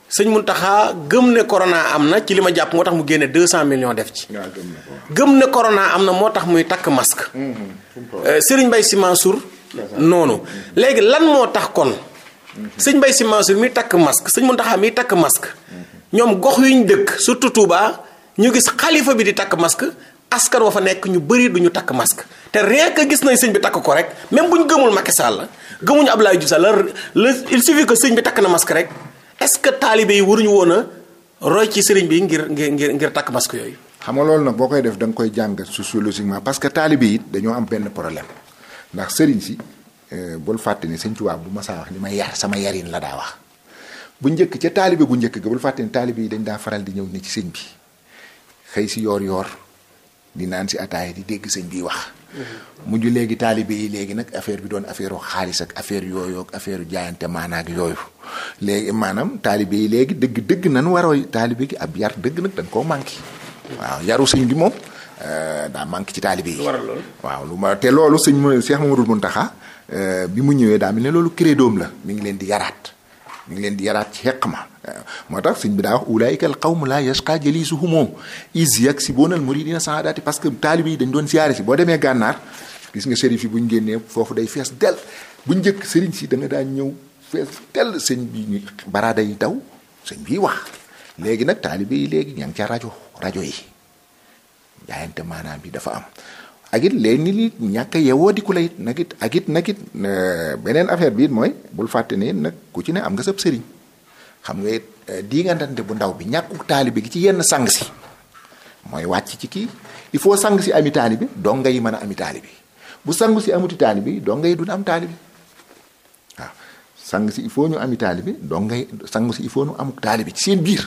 sëñ Mountakha gëm ne corona am na ci li ma jàpp moo tax mu génne 200 million def ci. gëm ne corona am na moo tax muy takk masque. Mm-hmm. Euh, Serigne Mbaye Sy Mansour noonu léegi lan moo tax kon. sëñ Mbaye Sy Mansour muy takk masque sëñ Mountakha mi takk masque ñoom gox yu ñu dëkk surtout Touba ñu gis xalifa bi di takk masque askan wa fa nekk ñu bëri du ñu takk masque te rien gis nañ sëñ bi takk ko rek même bu ñu gëmul Macky Sall la gëmuñu Abdoulaye Diouf Sall la il suffit que sëñ bi takk na masque rek est-ce que taalibe yi waruñu woon a roy ci sëriñ bi ngir ngir ngir takk masque yooyu. xam nga loolu nag boo koy def da nga koy jàng sociologiquement parce que taalibe yi dañoo am benn problème ndax sëriñ si. Euh, bul fàtte ni sëñ Tuubaa bu ma wax li ma yar sama yarin la daa wax bu njëkk ca taalibe bu njëkk ga bu fàtte ni taalibe yi dañ daa faral di ñëw ne ci sëñ bi xëy si yoor yoor di naan si ataaya di dégg sëñ bi wax mm-hmm. mujj léegi taalibe yi léegi nag affaire bi doon affaire xaalis ak affaire yooyu ak affaire jaayante maanaak yooyu léegi maanaam taalibe yi léegi dëgg dëgg nan waroo taalibe gi ab yar dëgg nag dañ koo manqué waaw yaru sëñ bi moom euh, daa manqué ci taalibe yi waaw lu ma Euh, bi mu ñëwee daa mel ne loolu crédoom la mi ngi leen di yaraat mi ngi leen di yaraat ci xeqma euh, moo tax sëñ bi daa wax ulaayika al qawm la yashqa jalisuhumoo is yaksibuuna al muridina saadaati parce que taalibe yi dañ doon siyaare si boo demee gànnaar gis nga sérif yi bu ñu génnee foofu day fees del bu njëkk sëriñ si da nga daan ñëw fees del sëñ bi ñu baraada yi daw sëñ bi wax léegi nag taalibe yi léegi ña ngi ca rajo rajo yi jaayante maanaam bi dafa am ak it léegi nit ñàkk a yeewoo di ku la it nag it ak it nag it beneen affaire bi it mooy bul fàtte ne nag ku ci ne am nga sëp sëriñ xam nga it eh, di nga ndante bu ndaw bi ñàkku taalibe gi ci yenn sang si mooy wàcc ci kii il faut sang si ami taalibe dong ngay mën a ami taalibe bu sangu si amuti taalibe dong ngay dun am taalibe waaw sang si il faut ñu ami taalibe dong ngay sangu si il faut ñu amuk taalibe ci seen biir.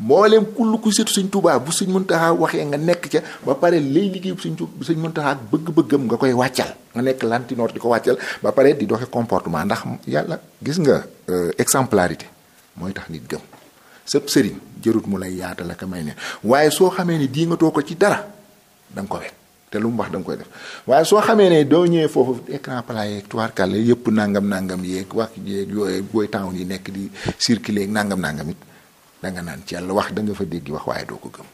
mbooleem kull ku setu suñ tubaa bu suñ muntaxaa waxee nga nekk ca ba pare lay liggéey suñ suñ muntaxaa ak bëgg-bëggam nga koy wàccal nga nekk lantinoor di ko wàccal ba pare di doxe comportement ndax yàlla gis nga euh, exemplarité mooy tax nit gëm sëb sëriñ jërut mu lay yaatal ak may ne waaye soo xamee ni dii nga too ko ci dara da ko wet te lu mu wax da nga koy def waaye soo xamee ne doo ñëwee foofu écran plat yeeg yëpp nangam nangam yeeg wax yeeg yooyu booy temps yi nekk di circuler nangam nangam it da nga naan ci yàlla wax da nga fa dégg wax waaye doo ko gëm.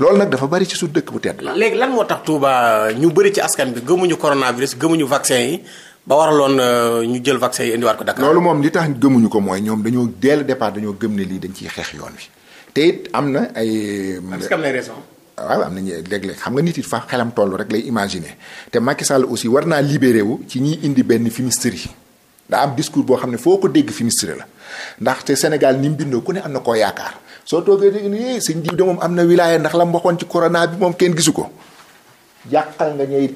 loolu nag dafa bari ci su dëkk bu tedd la. léegi lan moo tax Touba ñu bëri ci askan bi gëmuñu coronavirus gëmuñu vaccin yi ba waraloon euh, ñu jël vaccin yi indiwaat ko Dakar. loolu moom li tax gëmuñu ko mooy ñoom dañoo dès le départ dañoo gëm ne lii dañ ciy xeex yoon wi te it am na ay. am na raison. waaw am nañu léeg-léeg xam nga nit yi fa xelam toll rek lay imaginer te Macky Sall aussi war naa libéré wu ci ñiy indi benn fumisterie daa am discours boo xam ne foo ko dégg fumisterie la ndaxte Sénégal ni mu bindoo ku ne am na koo yaakaar soo toogee dégg ni eh, sëñ diw de am na wilaya ndax la mboxoon ci corona moom kenn gisu ko yàqal nga ñey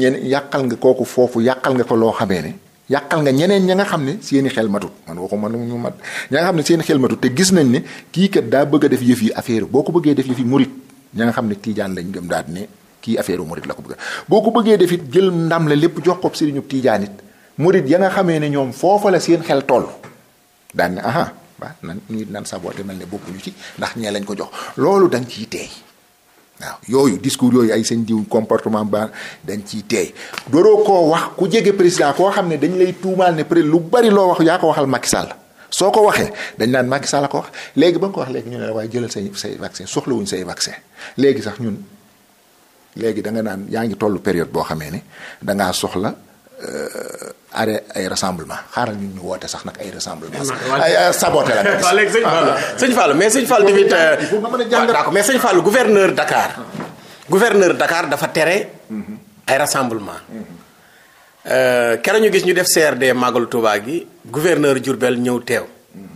ñen yàqal nga kooku foofu yàqal nga ko loo xamee ne yàqal nga ñeneen ña nga xam ne seeni xel matut man waxuma nu ñu mat ña xam ne seeni xel te gis nañ ne kii kat daa bëgg def yëf yi affaire boo ko bëggee def yëf yi murit ña nga xam ne tiijaan lañ gëm daal ne kii affaire murit la ko bëgg boo ko bëggee def it jël ndam la lépp jox ko sëriñu tiijaan it murit ya nga xamee ne ñoom foofa la seen xel tool daan ne aha waaw nan nit nan te mal ne bokkuñu ci ndax ñee lañ ko jox loolu dañ ciy teey waaw yooyu discours yooyu ay seen diw comportement ba dañ ciy teey dooroo koo wax ku jege président koo xam ne dañ lay tuumaal ne pré lu bari loo wax yaa ko waxal Macky Sall soo ko waxee dañ naan Macky Sall a ko wax léegi ba nga ko wax léegi ñu ne la waaye jëlal say say vaccin soxlawuñ say vaccin léegi sax ñun léegi da nga naan yaa ngi tollu période boo xamee ne dangaa soxla euh, arrêt ay rassemblement xaaral ñu ñu woote sax nag ay rassemblement ay saboté la nga gis sëñ Fall ah, ah. mais sëñ Fall tamit euh, mais sëñ Fall gouverneur dakaar gouverneur dakaar dafa tere mhm. ay rassemblement euh, keroog ñu gis ñu def CRD màggal Touba gi gouverneur Diourbel ñëw teew mhm.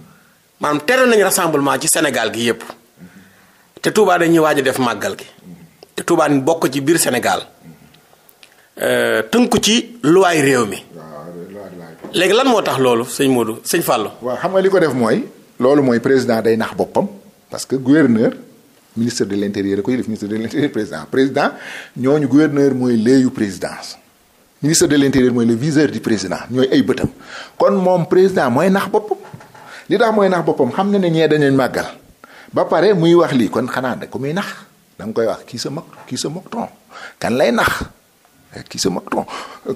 maanaam tere nañ rassemblement ci senegal gi yépp mhm. te Touba dañuy waaj a def màggal gi te Touba bokk ci biir senegal euh, tënk ci luwaay réew mi léegi lan moo tax loolu sëñ Modou sëñ Fallou. waaw xam nga li ko def mooy loolu mooy président day nax boppam parce que gouverneur ministre de l' intérieur ko yëlif ministre de l' intérieur président président ñooñu gouverneur mooy léeyu présidence ministre de l' intérieur mooy le viseur du président ñooy ay bëtam kon moom président mooy nax bopp li tax mooy nax boppam xam na ne ñee dañuy màggal ba pare muy wax lii kon xanaa da ko muy nax da koy wax kii sa kii sa ton kan lay nax kii sa ton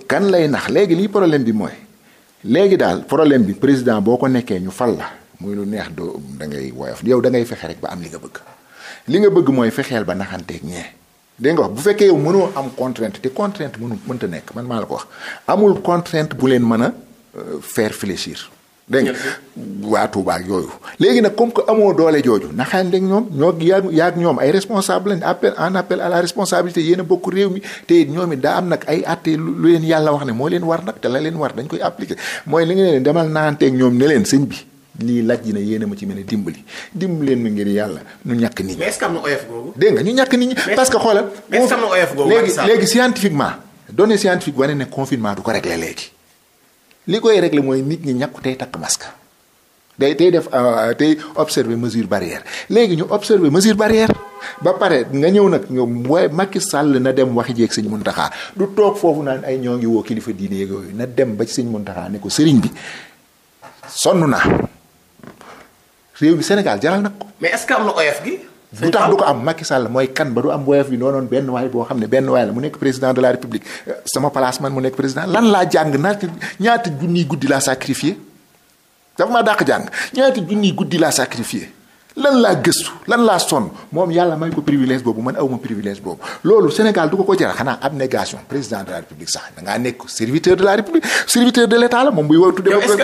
kan lay nax léegi lii problème bi mooy. léegi daal problème bi président boo ko nekkee ñu fal la muy lu neex doo da ngay woyof yow da ngay fexe rek ba am li nga bëgg li nga bëgg mooy fexeel ba naxanteeg ñee dégg nga wax bu fekkee yow mënoo am contrainte te contrainte mënu mënta nekk man maa la ko wax amul contrainte bu leen mën a euh, faire fléchir dégg nga waa Touba yooyu léegi nag comme que amoo doole jooju naxaan léegi ñoom ñoo yaag yaag ñoom ay responsable lañ appel en appel à la responsabilité yéen bokk réew mi te ñoom it daa am nag ay atte lu leen yàlla wax ne moo leen war nag te la leen war dañ koy appliquer mooy li nga leen demal naanteeg ñoom ne leen sëñ bi lii laaj na yéen a ma ci mën a dimbali dimbali leen ma ngir yàlla ñu ñàkk nii ñi. mais est-ce ñu ñàkk nit ñi. parce que xoolal. mais est na oyof googu léegi léegi scientifiquement données scientifique ko régler léegi li koy régler mooy nit ñi ñàkku tey takk masque day tey def euh, tey observer mesure barrière léegi ñu observer mesure barrière ba pare nga ñëw nag ñoom waaye Macky sàll na dem waxi jeeg mun Muntaxa du toog foofu naan ay ñoo ngi woo kilifa diine yeeg yooyu na dem ba ci mun Muntaxa ne ko sëriñ bi sonn naa réew mi Sénégal jaral nag ko. mais est-ce que am na oyof gi. lu tax du ko am Macky Sall mooy kan ba du am woyof bi noonoon benn waay boo xam ne benn waay la mu nekk président de la république euh, sama place man mu nekk président lan laa jàng naata ñaata junniy guddi laa sacrifié dafa maa dàq jàng ñaata junniy guddi laa sacrifié lan laa gëstu lan laa sonn moom yàlla may ko privilège boobu man awma privilège boobu loolu Sénégal du ko ko jaral xanaa abnégation président de la république sax da ngaa nekk serviteur de la république serviteur de l' état la moom buy wootu. yow est ce que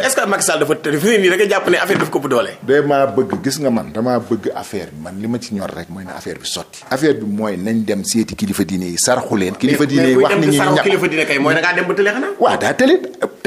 bëgg gis nga man damaa bëgg affaire bi man li ma ci ñor rek mooy na affaire bi sotti. affaire bi mooy nañ dem seeti kilifa diine yi sarxu leen. kilifa diine yi wax ni ñuy ñàkk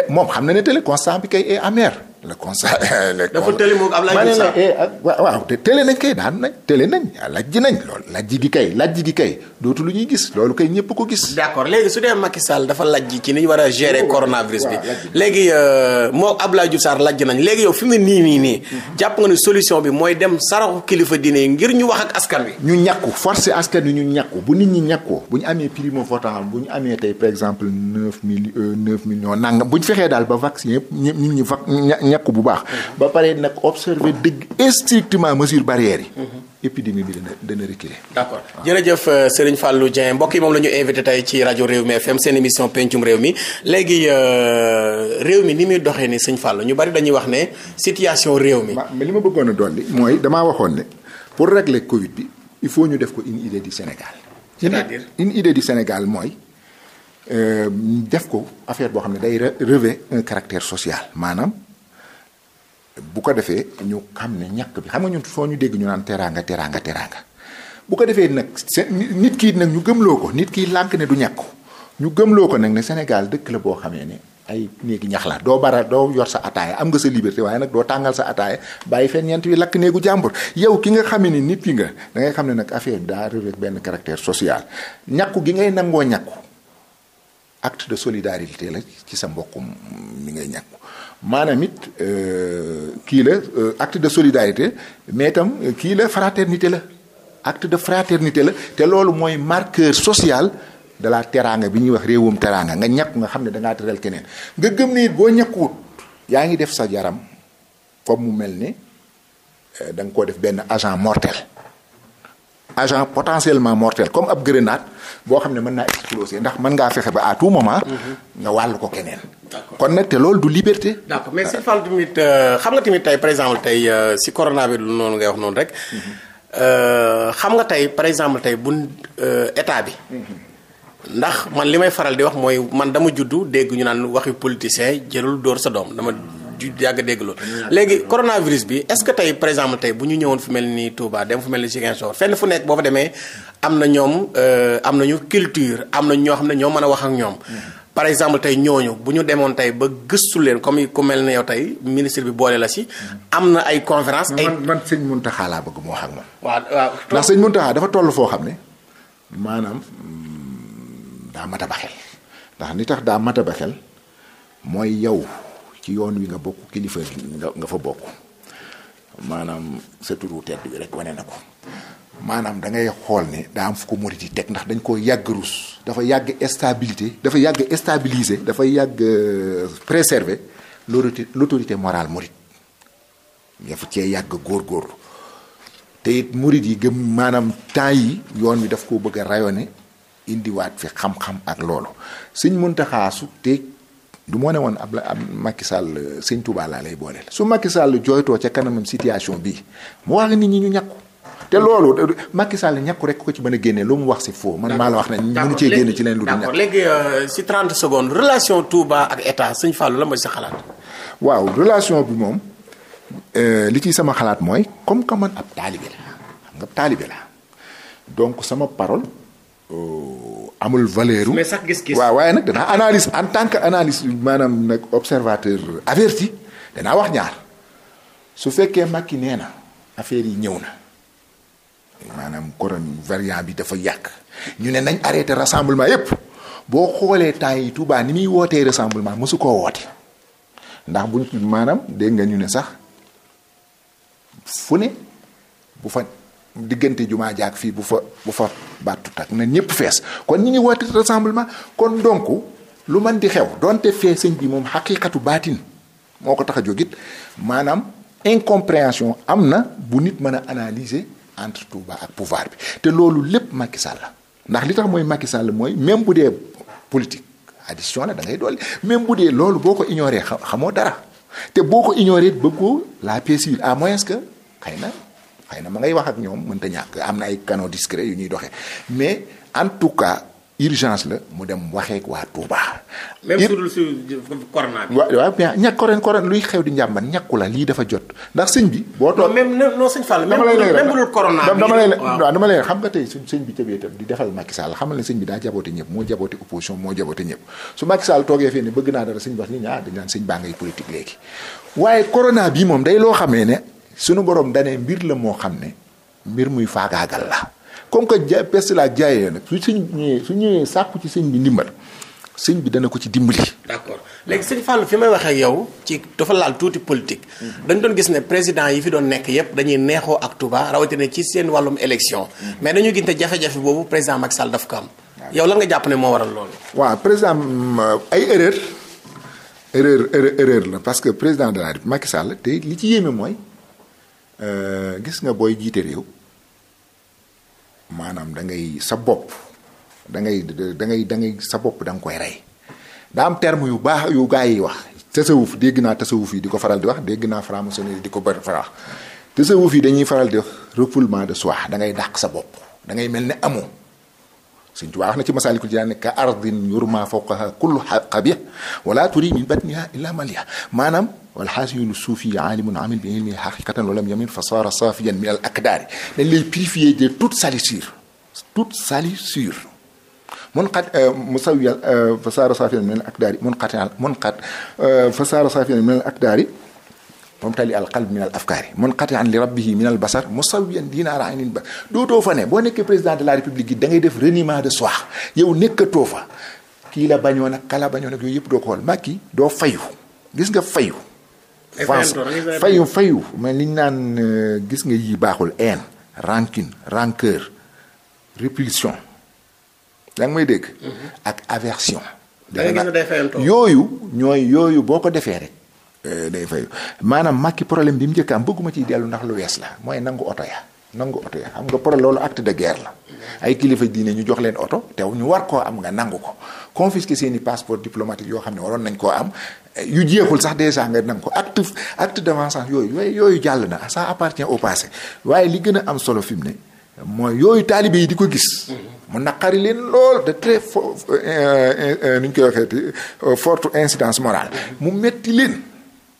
mais mais buy dem ci sarxu kilifa diine le conseil le. dafa tële moom Ablaye Moussa eh, ah, waaw te tële nañ kay daan nañ tële nañ ah, kay dootu lu ñuy gis loolu kay ñëpp ko gis. d' accord léegi su dee Macky Sall dafa lajji ci ni ñu war a gérer oh, coronavirus bi léegi euh, moo Ablaye Diouf Sarr lajji nañ léegi yow fi mu nii nii nii. jàpp nga ne solution bi mooy dem saraxu kilifa diine yi ngir ñu wax ak askan wi. ñu ñàkku force askan yi ñu ñàkku bu nit ñi ñàkkoo bu ñu amee primo votant bu ñu amee tey par exemple neuf mille euh, neuf millions nangam bu ñu fexee daal ba vaccin yëpp ñi ñàkk bu baax. ba pare nag observer dëgg strictement mesure barrière yi. Mhm. épidémie bi dana dana reculer. d'accord jërëjëf euh, Serigne Fallou Dieng mbokk yi moom la ñu invité tey ci rajo réew mi FM seen émission pencum réew mi léegi euh, réew mi ni muy doxee ni Serigne Fallou ñu bari dañuy wax ne situation réew mi. mais li ma bëggoon a dolli mooy damaa waxoon ne pour régler Covid bi il faut ñu def ko une idée du Sénégal. c'est-à-dire une idée du Sénégal mooy. Euh, def ko affaire boo xam ne day revêt un caractère social maanaam bu ko defee ñu xam ne ñàkk bi xam nga ñun foo ñu dégg ñu naan teraanga teraanga bu ko defee nag nit kii nag ñu gëmloo ko nit kii lànk ne du ñàkk ñu gëmloo ko nag ne Sénégal dëkk la boo xamee ne ay néegi ñax la doo bara doo yor sa ataaya am nga sa liberté waaye nag doo tàngal sa ataaya bàyyi fen ñeent wi lakk néegu jàmbur yow ki nga xamee ni nit ki nga da ngay xam ne nag affaire bi daa revêt benn caractère social ñàkku gi ngay nangoo ñàkku acte de solidarité la ci sa mbokkum mi ngay ñàkku maanaam it euh, kii la euh, acte de solidarité mais itam euh, kii la fraternité la acte de fraternité la te loolu mooy marqueur social de la teraanga bi ñuy wax réewum teraanga nga ñàkk nga xam ne da ngaa keneen nga gëm ne it boo ñàkkuwut yaa ngi def sa yaram comme mu mel ne da nga koo def benn agent mortel agent potentiellement mortel comme ab grenade boo xam ne mën naa exploser ndax mën ngaa fexe ba à tout moment. Mm-hmm. nga wàll ko keneen. kon nag te loolu du liberté. d' mais si Fall tamit euh, xam nga tamit tey par exemple tey euh, si corona bi noonu ngay wax noonu rek. Euh, xam nga tey par exemple tey buñ état bi. ndax man li may faral di wax mooy man dama juddu dégg ñu naan waxi politicien jëlul dóor sa doom dama yàgg dégg loolu. léegi coronavirus bi ce que tey par tey bu ñu ñëwoon fu mel ni Touba dem fu mel ni Ziguinchor fenn fu nekk boo fa demee am na ñoom am nañu culture am na ñoo xam ne ñoo mën a wax ak ñoom. par exemple tey ñooñu bu ñu demoon tey ba gëstu leen comme ku mel ne yow tey ministre bi boole la si. am na ay conférence ay man man sëñ Mountakha laa bëgg mu wax ak man. waaw waaw ndax sëñ Mountakha foo xam ne maanaam mm, daa mat ba xel ndax li tax daa mata ba xel mooy yow ci yoon wi nga bokk kilifa nga nga fa bokk maanaam sa turu tedd bi rek wane na ko. maanaam da ngay xool ni daa am fu ko murit yi teg ndax dañ ko yàgg ruus dafa yàgg stabilité dafa yàgg stabiliser dafa yàgg euh, préserver l'autorité morale murit dafa cee yàgg góor góor te it murit yi gëm maanaam temps yi yoon wi daf ko bëgg a rayonné indiwaat fi xam-xam ak loolu sëñ Muntaxa su teeg du moo ne woon ab la am Macky Sall euh, sëñ Touba laa lay booleel su Macky Sall jooytoo ca kanamam situation bii mu wax nit ñi ñu ñàkku te loolu Macky Sall ñàkku rek ko ci mën a génne lu mu wax si faux man maa la wax ne mënu cee génne ci leen lu dul ñàkk léegi euh, si 30 secondes relation Touba ak état suñ Fallou la mooy sa xalaat waaw relation bi moom euh, li ci sama xalaat mooy comme que man ab taalibe la xam nga taalibe la donc sama parole euh, amul valeur mais sax gis-gis waaw waaye nag danaa analise en tant que analyse maanaam nag observateur averti danaa wax ñaar su fekkee Macky nee na affaire yi ñëw na maanaam corona variant bi dafa yàq ñu ne nañ arrêté rassemblement yépp boo xoolee temps yi Touba ni muy wootee rassemblement mosu koo woote ndax buñ maanaam dégg nga ñu ne sax fu ne bu fa diggante jumaa jaak fii bu fa bu fa battu tak ñëpp fees kon ñi ngi woote rassemblement kon donc lu man di xew donte fee sëñ bi moom xaqiqatu baatin moo ko tax a maanaam incompréhension am na bu nit mën a analyser entre Touba ak pouvoir bi te loolu lépp Macky Sall la ndax li tax mooy Macky Sall mooy même bu dee politique addition la da ngay dolli même bu dee loolu boo ko ignoré xamoo dara te boo ko ignoré bëggoo la paix civile à moins que xëy na xëy na ma ngay wax ak ñoom mënta ñàkk am na ay canaux discrets yu ñuy doxe mais en tout cas. urgence la mu dem waxee ak waa Touba. même su dul si corona bi. waaw waaw bien ñàkk corona corona luy xew di njàmbat ñàkku la lii dafa jot ndax sëñ bi. boo toog même non sëñ Fall. dama lay leeral même bu dul corona bi nga tey suñ sëñ bi ca biir itam di defal Macky bi daa jaboote ñëpp moo jaboote opposition moo jaboote ñëpp su Macky Sall toogee fii ne bëgg naa dara sëñ bi wax nit ñi ah dañ naan sëñ baa ngay politique léegi. waaye corona bi moom day loo xamee ne sunu boroom dane mbir la moo xam ne mbir muy faagaagal la comme que jaay peste laa jaayee nag su sëñ ñëwee su ñëwee sàkku ci sëñ bi ndimbal sëñ bi dana ko ci dimbali. d'accord léegi sëñ Fallou fi may waxee ak yow ci dafa laal tuuti politique. Mm-hmm. dañ doon gis ne président yi fi doon nekk yépp dañuy neexoo ak Touba rawatina ci seen wàllum élection. Mm-hmm. mais dañu ginte ne jafe-jafe boobu président Macky daf ko am. yow lan nga jàpp ne moo waral loolu. waaw président euh, ay erreur erreur erreur la parce que président de la République Macky te li ci yéeme mooy euh, gis nga booy jiite réew. maanaam da ngay sa bopp da ngay da ngay da ngay sa bopp da koy rey daa am terme yu baax yu gaa yi wax tasawuf dégg naa tasawuf yi di ko faral di wax dégg naa franc-maçonnerie di ko bëri farax tasawuf yi dañuy faral di wax refoulement de soi dangay dàq sa bopp dangay mel ni amoo Sëñ Tuubaa wax na ci Masaalikul Jinaan ne ka ardin yurma fawqaha kullu xabih wala turi min batniha illa maliha maanaam walxaasiyul suufi aalimun amil bi ilmi xaqiqatan walam yamin fa saara saafiyan min al akdaari dañ lay purifier de toute salissure toute salissure mun xat musawiyan fa saara saafiyan min al akdaari mun xat mun xat fa saara saafiyan min al boo nekkee président de la république yi da ngay def reniement de soi yow kii la bañoon ak kala bañoon ak yooyu yëpp doo ko xool Macky doo fayu gis nga fayu vengeance fayu fayu mais li ñu naan euh, gis nga yi baaxul haine rancune rancœur répulsion yaa ngi may dégg. Mhm. ak aversion. yooyu ñooy yooyu boo ko defee rek. Euh, day fayu maanaam Macky problème bi mu njëkk am bëgguma ci dellu ndax lu wees la mooy nangu oto ya nangu oto ya xam nga problème loolu acte de guerre la. Mhm. ay kilifa diine ñu jox leen oto te ñu war koo am nga nangu ko confisquer seen i passeport diplomatique yoo xam ne waroon nañ koo am yu jeexul sax déjà nga nangu ko acte acte d'avancement yooyu yooyu jàll na ça appartient au passé waaye li gën a am solo fi mu ne mooy yooyu taalibe yi di ko gis. mu naqari leen lool de très fo euh, euh, nu koy waxee euh, forte incidence morale. mu metti leen.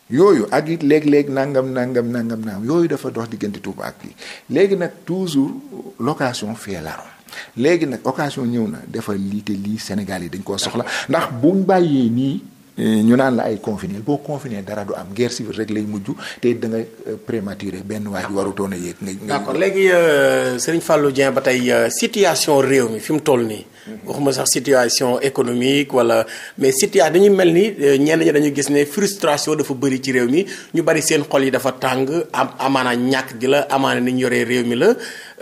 yooyu ak it léeg-léeg nangam nangam nangam nangam yooyu dafa dox diggante Touba ak kii léegi nag toujours location fait larron léegi nag occasion ñëw na defal lii te lii Sénégal yi dañ koo soxla ndax buñ bàyyee nii. Eh, ñu naan la ay confiné boo confiné dara du am guerre civile rek lay mujj te da nga euh, prématuré benn waay warutoon a yéeg. nga d'accord léegi euh, Serigne Fallou Dieng ba tey euh, situation réew mi fi mu toll nii. Mhm. waxuma sax situation économique wala mais situation dañuy mel ni ñenn ñi dañu gis ne frustration dafa bëri ci réew mi ñu bëri seen xol yi dafa tàng am amaana ñàkk gi la amaana ni ñu yoree réew mi la.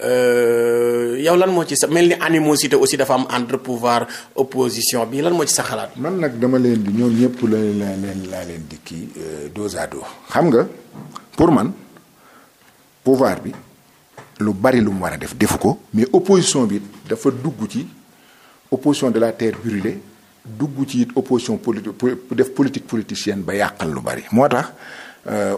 Euh, yow lan moo ci sa mel ni animosité aussi dafa am entre pouvoir opposition bi lan moo ci sa xalaat. man nag dama leen di ñoom ñëpp la leen laa leen di kii euh, dos à dos xam nga pour man pouvoir bi lu bari lu mu war a def defu ko. mais opposition bi dafa dugg ci opposition de la terre brûlée dugg ci it opposition politique def politique politicienne ba yàqal lu bari. moo tax euh,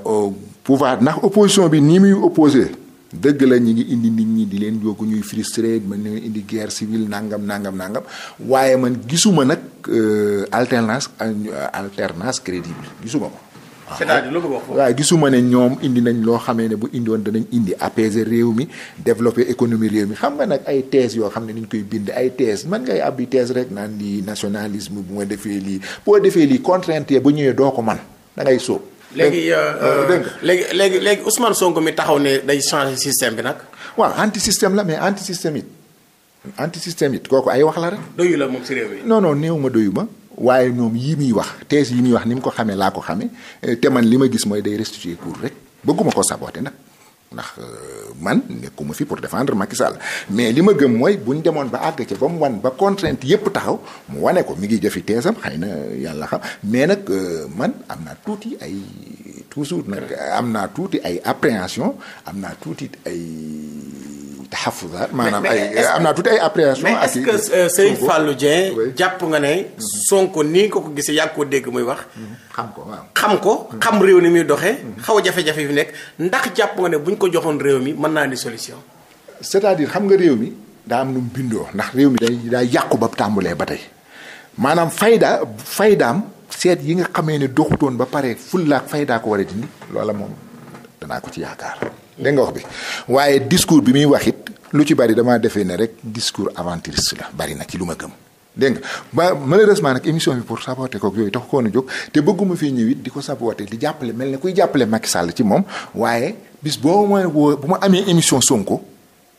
pouvoir ndax opposition bi nii muy opposé. dëgg la ñi ngi indi nit ñi di leen yokku ñuy frustré man na indi guerre civile nangam nangam nangam waaye man gisuma nag euh, alternance euh, alternance crédible gisuma ko. Ah, c'est-à-dire ah, lu ko waaw gisuma ne ñoom indi nañ loo xamee ne bu indi indiwoon danañ indi apaiser réew mi développer économie réew mi xam nga nag ay thèse yoo xam ne niñ koy bind ay thèse man ngay abbi thèse rek naan lii nationalisme bu ma defee lii boo defee lii contrainte bu ñëwee doo ko man da ngay léegi euh, euh, euh, dégg léegi léegi léegi Ousmane Sonko mi taxaw ne day changer système bi nag. waaw anti système la mais anti système it anti système it kooku ay wax la rek. doyu la moom si réew néew ma doyu ma waaye ñoom yii muy wax thèse yi muy wax ni mu ko xamee laa ko xamee te man li ma gis mooy day restituer cour rek bëgguma ko saboter nag. ndax euh, man nekkuma fi pour défendre Macky Sall mais li ma gëm mooy bu ñu demoon ba àgg ca ba mu wan ba contrainte yépp taxaw mu wane ko mi ngi jëfi teesam xëy na yàlla xam mais nag euh, man am naa tuuti ay toujours nag am naa tuuti ay appréhension am naa tuuti ay taxafuzaat maanaam ay am naa tuuti ay appréhension. mais est-ce que euh, Serigne Fallou Dieng. jàpp nga ne. Sonko nii nga ko gisee yàgg koo dégg muy wax. Mm-hmm. xam ko waaw xam ko mm-hmm. xam réew ni muy doxee. Mm-hmm. xaw a jafe-jafe yu nekk ndax jàpp nga ne bu ñu ko joxoon réew mi mën naa di solution. c'est-à-dire xam nga réew mi daa am lu mu bindoo ndax réew mi day daa yàqu ba tàmbalee ba tey maanaam fayda faydaam seet yi nga xamee ne doxutoon ba pare fullaak faydaa ko war a dindi loola moom danaa ko ci yaakaar. dégg nga wax bi waaye discours bi muy wax it lu ci bari damaa defee ne rek discours aventuriste la bari na ci lu ma gëm. dégg nga ba malheureusement nag émission bi pour saboter ko yooyu tax ko woon a bëgguma fii ñëw di ko saboter di jàppale mel ne kuy jàppale Macky Sall ci moom waaye bis boo ma woo bu ma amee émission Sonko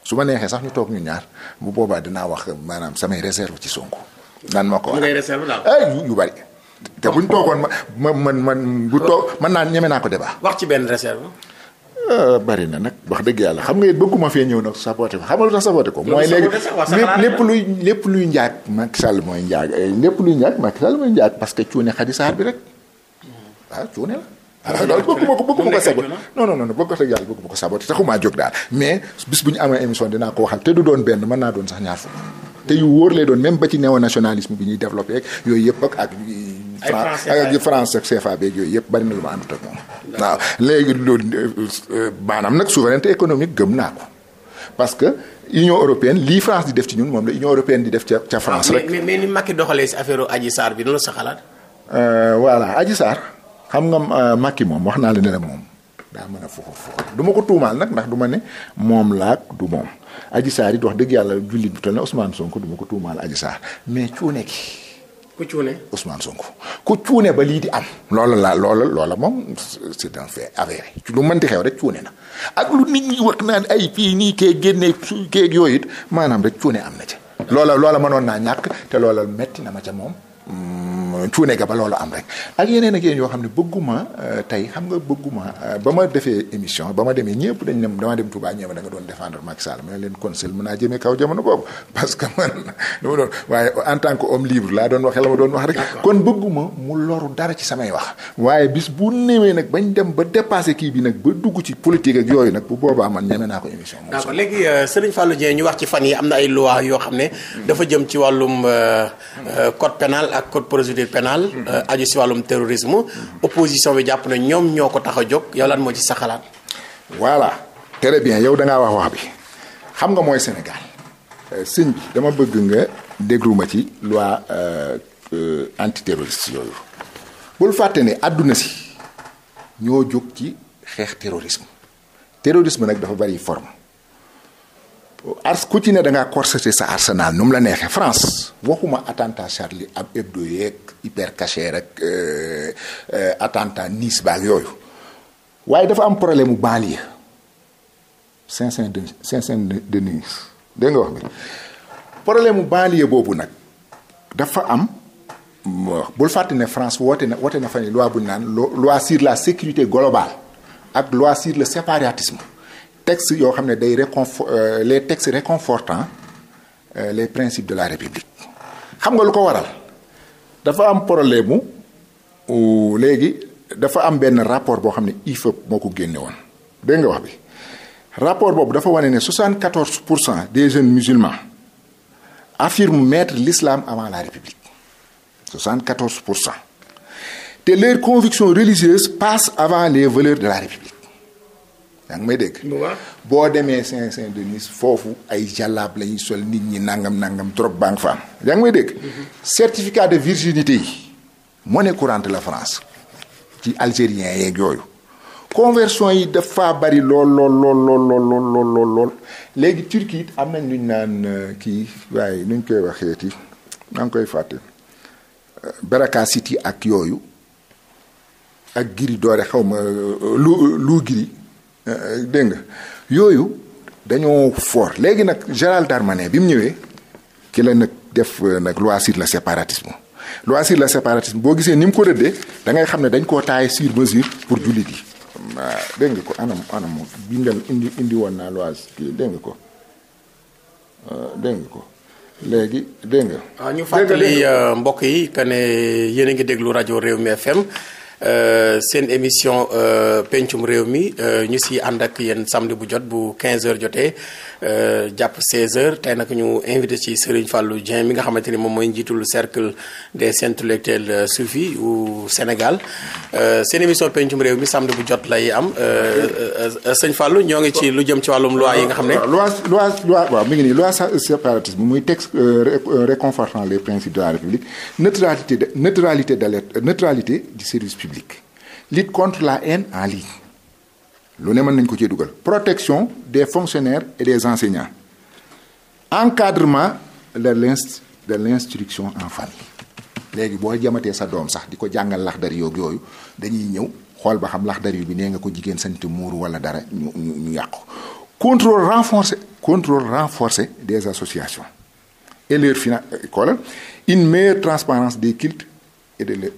su ma neexee sax ñu toog ñu ñaar bu boobaa dinaa wax maanaam samay réserve ci Sonko. nan ma ko wax réserve daal yu eh, bari. te bu ñu toogoon ma man man bu toog mën naa ñeme naa ko débat. wax ci benn réserve. Euh, bari na nag wax dëgg yàlla xam nga it bëgguma fee ñëw nag saboté ko xam nga lu ko mooy léegi lépp luy lépp luy njaag Macky mooy njaag eh, lépp luy njaag Macky Sall mooy njaag parce que cuune Khady Sarr bi rek waaw ah, cuune la daal ah, bëgguma ko bëgguma ko saboté non non non bëgg ko yàlla bëgguma ko saboté taxumaa jóg daal mais bis bu ñu amee émission dinaa ko waxal te du doon benn mën naa doon sax ñaar fukk te yu wóor lay doon même ba ci néo nationalisme bi ñuy développé ak yooyu yëpp ak ak franc ak France ak CFA beeg yooyu yëpp bari na lu ma àndut ak moom. waaw léegi loolu euh, euh, maanaam nag souveraineté économique gëm naa ko parce que Union européenne lii France di def ci ñun moom la Union européenne di def ca ca France ah, rek. mais mais ni Macky doxalee si affaire Adji bi noonu sa xalaat. Euh, voilà Adji Sarr xam nga makki moom wax naa la ne moom daa mën a foofu foofu du ma ko tuumaal nag ndax du ma ne moom laak du moom Adji Sarr it wax dëgg yàlla jullit bu toll ne Ousmane ma ko tuumaal Adji Sarr mais cuune ku cuune Ousmane Sonko ku cuune ba lii di am. loola laa loola loola moom c'est un fait avéré lu mënti xew rek cuune na ak lu nit ñi wax naan ay fii nii kee génne su kee yooyu maanaam rek cuune am na ci. loola loola mënoon naa ñàkk te loola metti na ma ca moom. Hmm. moom cuune ba loolu am rek ak yeneen ak yéen yoo xam ne bëgguma euh, tey xam nga bëgguma euh, ba ma defee émission ba ma demee ñëpp dañ dama dem Touba ñëema da doon wax rek kon bëgguma mu loru dara ci samay wax waaye bis bu néewee nag bañ dem ba dépassé kii bi nag ba dugg ci politique ak yooyu nag bu boobaa man ñeme naa ko émission d'accord léegi euh, Serigne Fallou ñu wax ci fan yi am na ay loi yoo xam ne dafa jëm ci wàllum code pénal ak code procédure procédure pénale euh, aju si wàllum terrorisme opposition bi jàpp na ñoom ñoo ko tax a jóg yow lan moo ci sa xalaat voilà très bien yow da ngaa wax wax bi xam nga mooy Sénégal euh, sëñ dama bëgg nga déglu ma ci loi euh, antiterroriste yooyu bul fàtte ni àdduna si ñoo jóg ci xeex terrorisme terrorisme nag dafa bari form ars ku ci ne da ngaa corseté sa arsenal nu mu la neexe France waxuma attentat Charlie Hebdo yeeg hyper caché rek euh, euh, attentat Nice baag yooyu waaye dafa am problème mu banlieue Saint-Saint-Denis Saint-Saint-Denis dégg nga wax bi problème mu boobu nag dafa am bul fàtte ne France woote na woote na fa ne loi bu ñu naan loi sur la sécurité globale ak loi sur le séparatisme texte yoo xam ne day réconfo euh, les textes réconfortant euh, les principes de la république xam nga lu ko waral dafa am problème mu léegi dafa am benn rapport boo xam ne IFOP e moo ko génne woon dégg nga wax bi rapport boobu dafa wane ne 74 pour cent des jeunes musulmans affirment mettre l'islam avant la république 74 pour cent te leurs convictions religieuses passent avant les valeurs de la république yaa ngi may dégg. boo demee Saint-Saint-Denis foofu ay jàllaab la ñuy sol nit ñi nangam nangam trop banque fa am yaa ngi may dégg. Mhm. certificat de virginité yi ne courante la France ci algérien yeeg yooyu conversion yi dafa bari lool lool lool lool léegi Turquie it am nañ lu ñu naan euh, kii waaye nu ñu koy waxee ti maa koy fàtte euh, Baraka City ak yooyu ak giri doore xaw ma euh, lu lu giri. Euh, dégg nga yooyu dañoo foor léegi nag Gérald Darmanin bi mu ñëwee ki la nag def euh, nag loi sur le séparatisme loi sur le séparatisme boo gisee ni mu ko rëddee da ngay xam ne dañ koo taay sur mesure pour jullit yi. dégg nga ko anam anam bindal indi indi woon naa loi kii dégg nga ko dégg nga ko. léegi dégg nga. Ah, ñu fàttali euh, mbokk yi que ne yéen a ngi déglu rajo Réew mi FM. Euh, seen émission euh, pencum réew mi euh, ñu si ànd ak yéen samedi bu jot bu 15h jotee jàpp 16h tey nag ñu invité ci Serigne fàllu Dieng mi nga xamante ni moom mooy njiitul cercle des intellectuels soufis u Sénégal seen émission pencum réew mi samedi bu jot lay am sëñ Fallou ñoo ngi ci lu jëm ci wàllum loi yi nga xam ne. loi loi loi waaw mi ngi nii loi séparatisme muy texte réconfortant les principes de la République neutralité de neutralité neutralité du service public. publique lutte contre la haine en lu ne mën nañ ko ci dugal protection des fonctionnaires et des enseignants encadrement de l'inst de l'instruction en famille léegi boo jamantee sa doom sax di ko jàngal lax laxdar yoog yooyu dañuy ñëw xool ba xam laxdar yu bi nee nga ko jigéen sant muuru wala dara ñu ñu ñu yàqu contrôle renforcé contrôle renforcé des associations et leur finan xoolal une meilleure transparence des cultes et de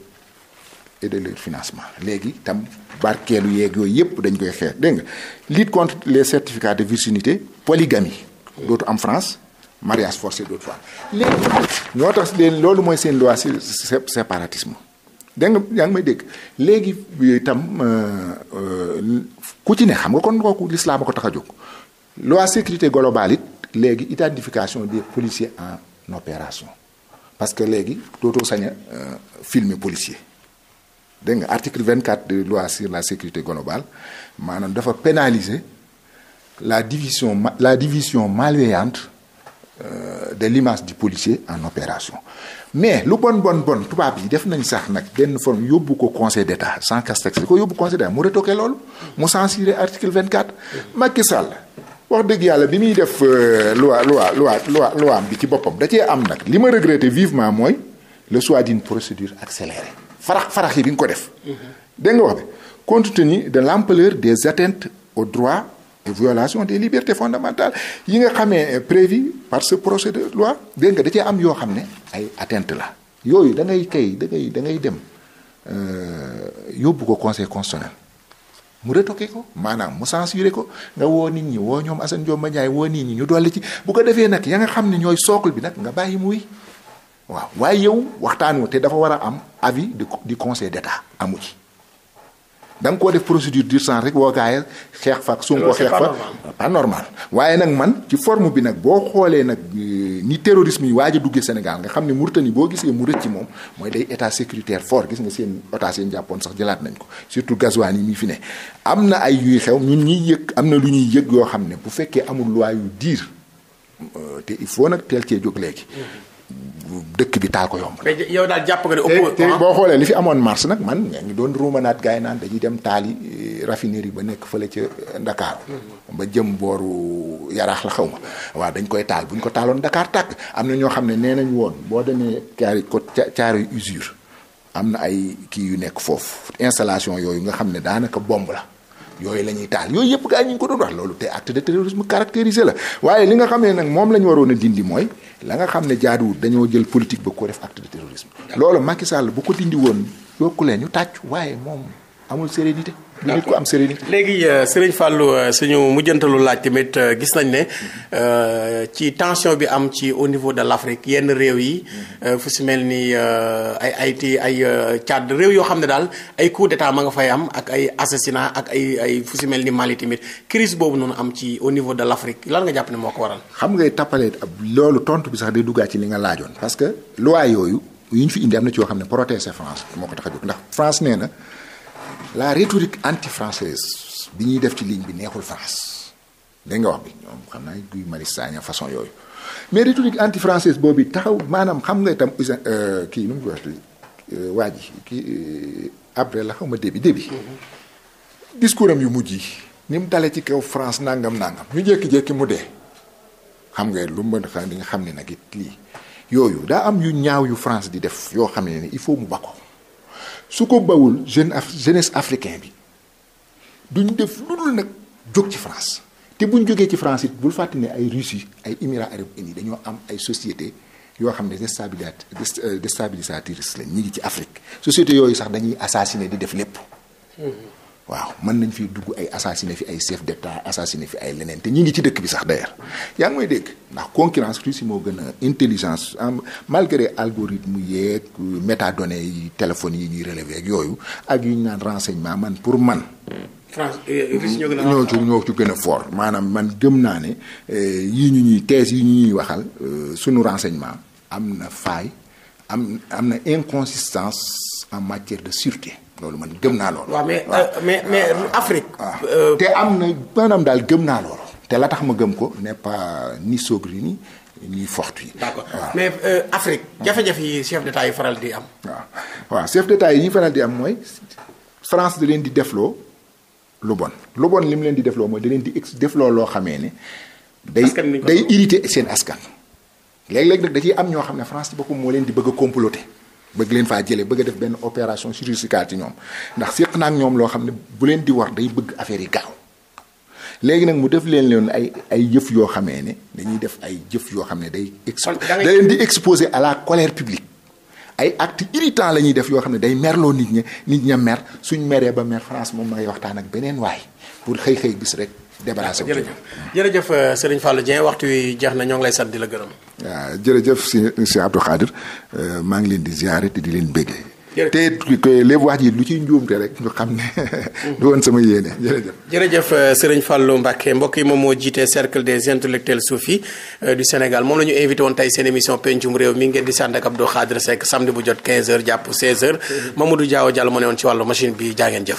financement léegi tam barkeelu yéeg yooyu yëpp dañ koy xeex dégg nga lutte contre les certificats de virginité polygamie dootu am France mariage forcé dootu fa am léegi ñoo tax loolu mooy seen loi séparatisme dégg nga yaa ngi may dégg léegi itam euh, euh, ku ci ne xam nga kon kooku l'islam a ko tax a jóg loi sécurité globale it léegi identification des policiers en opération parce que léegi dootoo sañ a euh, policier dégg nga article 24 de loi sur la sécurité globale maanaam dafa pénaliser la division la division malveillante euh, de l'image du policier en opération mais lu bon bon bon tubaab yi def nañ sax nag benn forme yóbbu ko conseil d'état sans Castex ko yóbbu conseil d'état mu retoqué loolu mu censuré article 24 Macky Sall wax dëgg yàlla bi muy def euh, loi loi loi loi loi am bi ci boppam da cee am nag li ma regretté vivement mooy le choix d'une procédure accélérée farax farax yi bi nga ko def. dégg nga wax bi compte tenu de l'ampleur des atteintes aux droits et violations des libertés fondamentales yi nga xamee euh, prévu par ce projet de loi dégg nga da cee am yoo xam ne ay attents la yooyu da ngay kay da ngay da ngay dem euh, yóbbu ko conseil constitutionnel mu retoqué ko maanaam mu censuré ko nga woo nit ñi woo ñoom Assane Dioma Ndiaye woo nit ñi ñu dolli ci bu ko defee nag ya nga xam ne ñooy sookul bi nag nga bàyyi muy. waaw waaye yow waxtaan wu te dafa war a am avis du du conseil d'état amu ci da nga koo def procédure d'urgence rek woo gaaye xeex fa Sonko xeex fa ah, pas waaye nag man ci form bi nag boo xoolee nag euh, ni terrorisme yi waaj a duggee Sénégal nga xam ne Mauritanie boo gisee mu rëcc moom mooy day état sécuritaire fort gis nga seen otage yi jàppoon sax jëlaat nañ ko surtout Ghazouani yi mi fi ne am na ay yuy xew ñun ñuy yëg am na lu ñuy yëg yoo xam ne bu fekkee amul loi yu diir euh, te il faut nag teel cee jóg léegi mm-hmm. dëkk bi taal ko yomb. mais yow daal jàpp nga ne ëpp. te ah. boo xoolee li fi amoon mars nag man ñaa doon ruumanaat gaay naan dañuy dem taal taali eh, raffinerie ba nekk fële ca eh, Dakar. ba jëm booru yaraax la xaw ma waaw dañ koy taal buñ ko taaloon ndakaar tàkk am na ñoo xam ne nee nañ woon boo demee caari ko caari usure am na ay kii yu nekk foofu installation yooyu nga xam ne daanaka bomb la. yooyu lañuy ñuy taal yooyu yëpp gaa ñu ngi ko doon wax loolu te acte de terrorisme caractérisé la waaye li nga xam ne nag moom la ñu waroon a dindi mooy la nga xam ne jaaduwul dañoo jël politique ba ko def acte de terrorisme loolu Macky Sall bu ko dindi woon yokku leen ñu tàcc waaye moom amul sérénité. du am sérénité. léegi euh, Serigne Fallou euh, suñu mujjantalu laaj tamit euh, gis nañ ne ci tension bi am ci au niveau de l' Afrique yenn réew yi fu si mel ni ay Haïti ay Tchad réew yoo xam ne daal ay coup d' état ma nga fay am ak ay assassinat ak ay ay fu si mel ni Mali tamit crise boobu noonu am ci au niveau de l' Afrique lan nga jàpp ne moo ko waral. xam ngay tappalee loolu tontu bi sax day duggaat ci li nga laajoon. parce que loi yooyu yu ñu fi indi am na ci yoo xam ne protéger France moo ko tax a jóg nee na. la rhétorique anti-française bi ñuy def ci ligne bi neexul France dégg nga wax bi ñoom xam naa Guy Marius façon yooyu mais rhétorique anti-française boobu taxaw maanaam xam nga itam usin euh, kii nu mu waxee euh, waa ji kii euh, après la xaw ma début début. Mm-hmm. discours yu mujj yi. ni mu dalee ci kaw France nangam nangam ñu jékki-jékki mu dee xam nga lu mu mën a di nga xam ne nag it lii yooyu daa am yu ñaaw yu France di def yoo xam ne il faut mu bakko su ko bawul jeune af jeunesse africain bi duñ def lu dul nag jóg ci France te buñ jógee ci France bul fàtte ay Russie ay Émirats arabes unis dañoo am ay société yoo xam ne déstabilisatrices euh, lañ ñi ngi ci Afrique sociétés yooyu sax dañuy assassiner di def lépp. Mmh. waaw mën nañ fi dugg ay assassiné fi ay chef d'état assassiné fi ay leneen te ñi ngi ci dëkk bi sax d'ailleurs yaa ngi may dégg ndax concurrence Russie moo gën a intelligence malgré algorithme yeeg métadonnées yi téléphone yi ñuy relevé ak yooyu ak yu ñu naan renseignement man pour man. France euh, Russie ñoo gën ci gën a fort maanaam man gëm naa ne euh, yii ñu ñuy thèse yi ñu ñuy waxal euh, suñu renseignement am na faille am am na inconsistance. en matière de sûreté loolu man gëm naa loolu. waaw mais euh, mais mais ah, ah, Afrique. Ah. Euh, te am na maanaam daal gëm naa loolu. te la tax ma gëm ko n'est pas ni Sogrini ni fortuit. d'accord mais euh, Afrique. jafe-jafe yi chef d'état yi faral di am. waaw waaw chef d'état yi faral di am mooy France da leen di defloo lu bon lu bon li mu leen di defloo mooy di leen di ex defloo loo xamee ne. day day irrité seen askan. léeg-léeg nag da ciy am ñoo xam ne France ci boppam moo leen di bëgg a comploter. bëgg leen faa jëlee bëgg a def benn opération chirurgicale ci ñoom ndax séq naa ak ñoom loo xam ne bu leen di war day bëgg affaire yi gaaw léegi nag mu def leen leen ay ay jëf yoo xamee ne dañuy def ay jëf yoo xam ne day. da leen di exposé à la colère ay actes irritants la ñuy def yoo xam ne day merloo nit ña nit ña mer suñ meree ba mer France moom ma ngay waxtaan ak beneen waay pour xëy xëy gis rek. débarrassé wu jërëjëf jërëjëf euh, Serigne Fallou waxtu wi jeex na ñoo ngi lay sant di la gërëm. waaw ah, jërëjëf si Abdou Khadir euh, maa ngi leen di ziare te di leen béggee. jërëjëf te lépp wax ji lu ciy njuumte rek ñu xam ne. du woon sama yéene jërëjëf. jërëjëf euh, Serigne Fallou Mbacke mbokk yi moom moo jiite cercle des intellectuels soufis du Sénégal moom la ñu invité woon tey seen émission pencum réew mi ngeen di sant ak Abdou Khadre Seck samedi bu jot 15h jàpp 16h. Mm-hmm. Mamadou Diaw Diallo ma ne woon wàllu machine bi jaa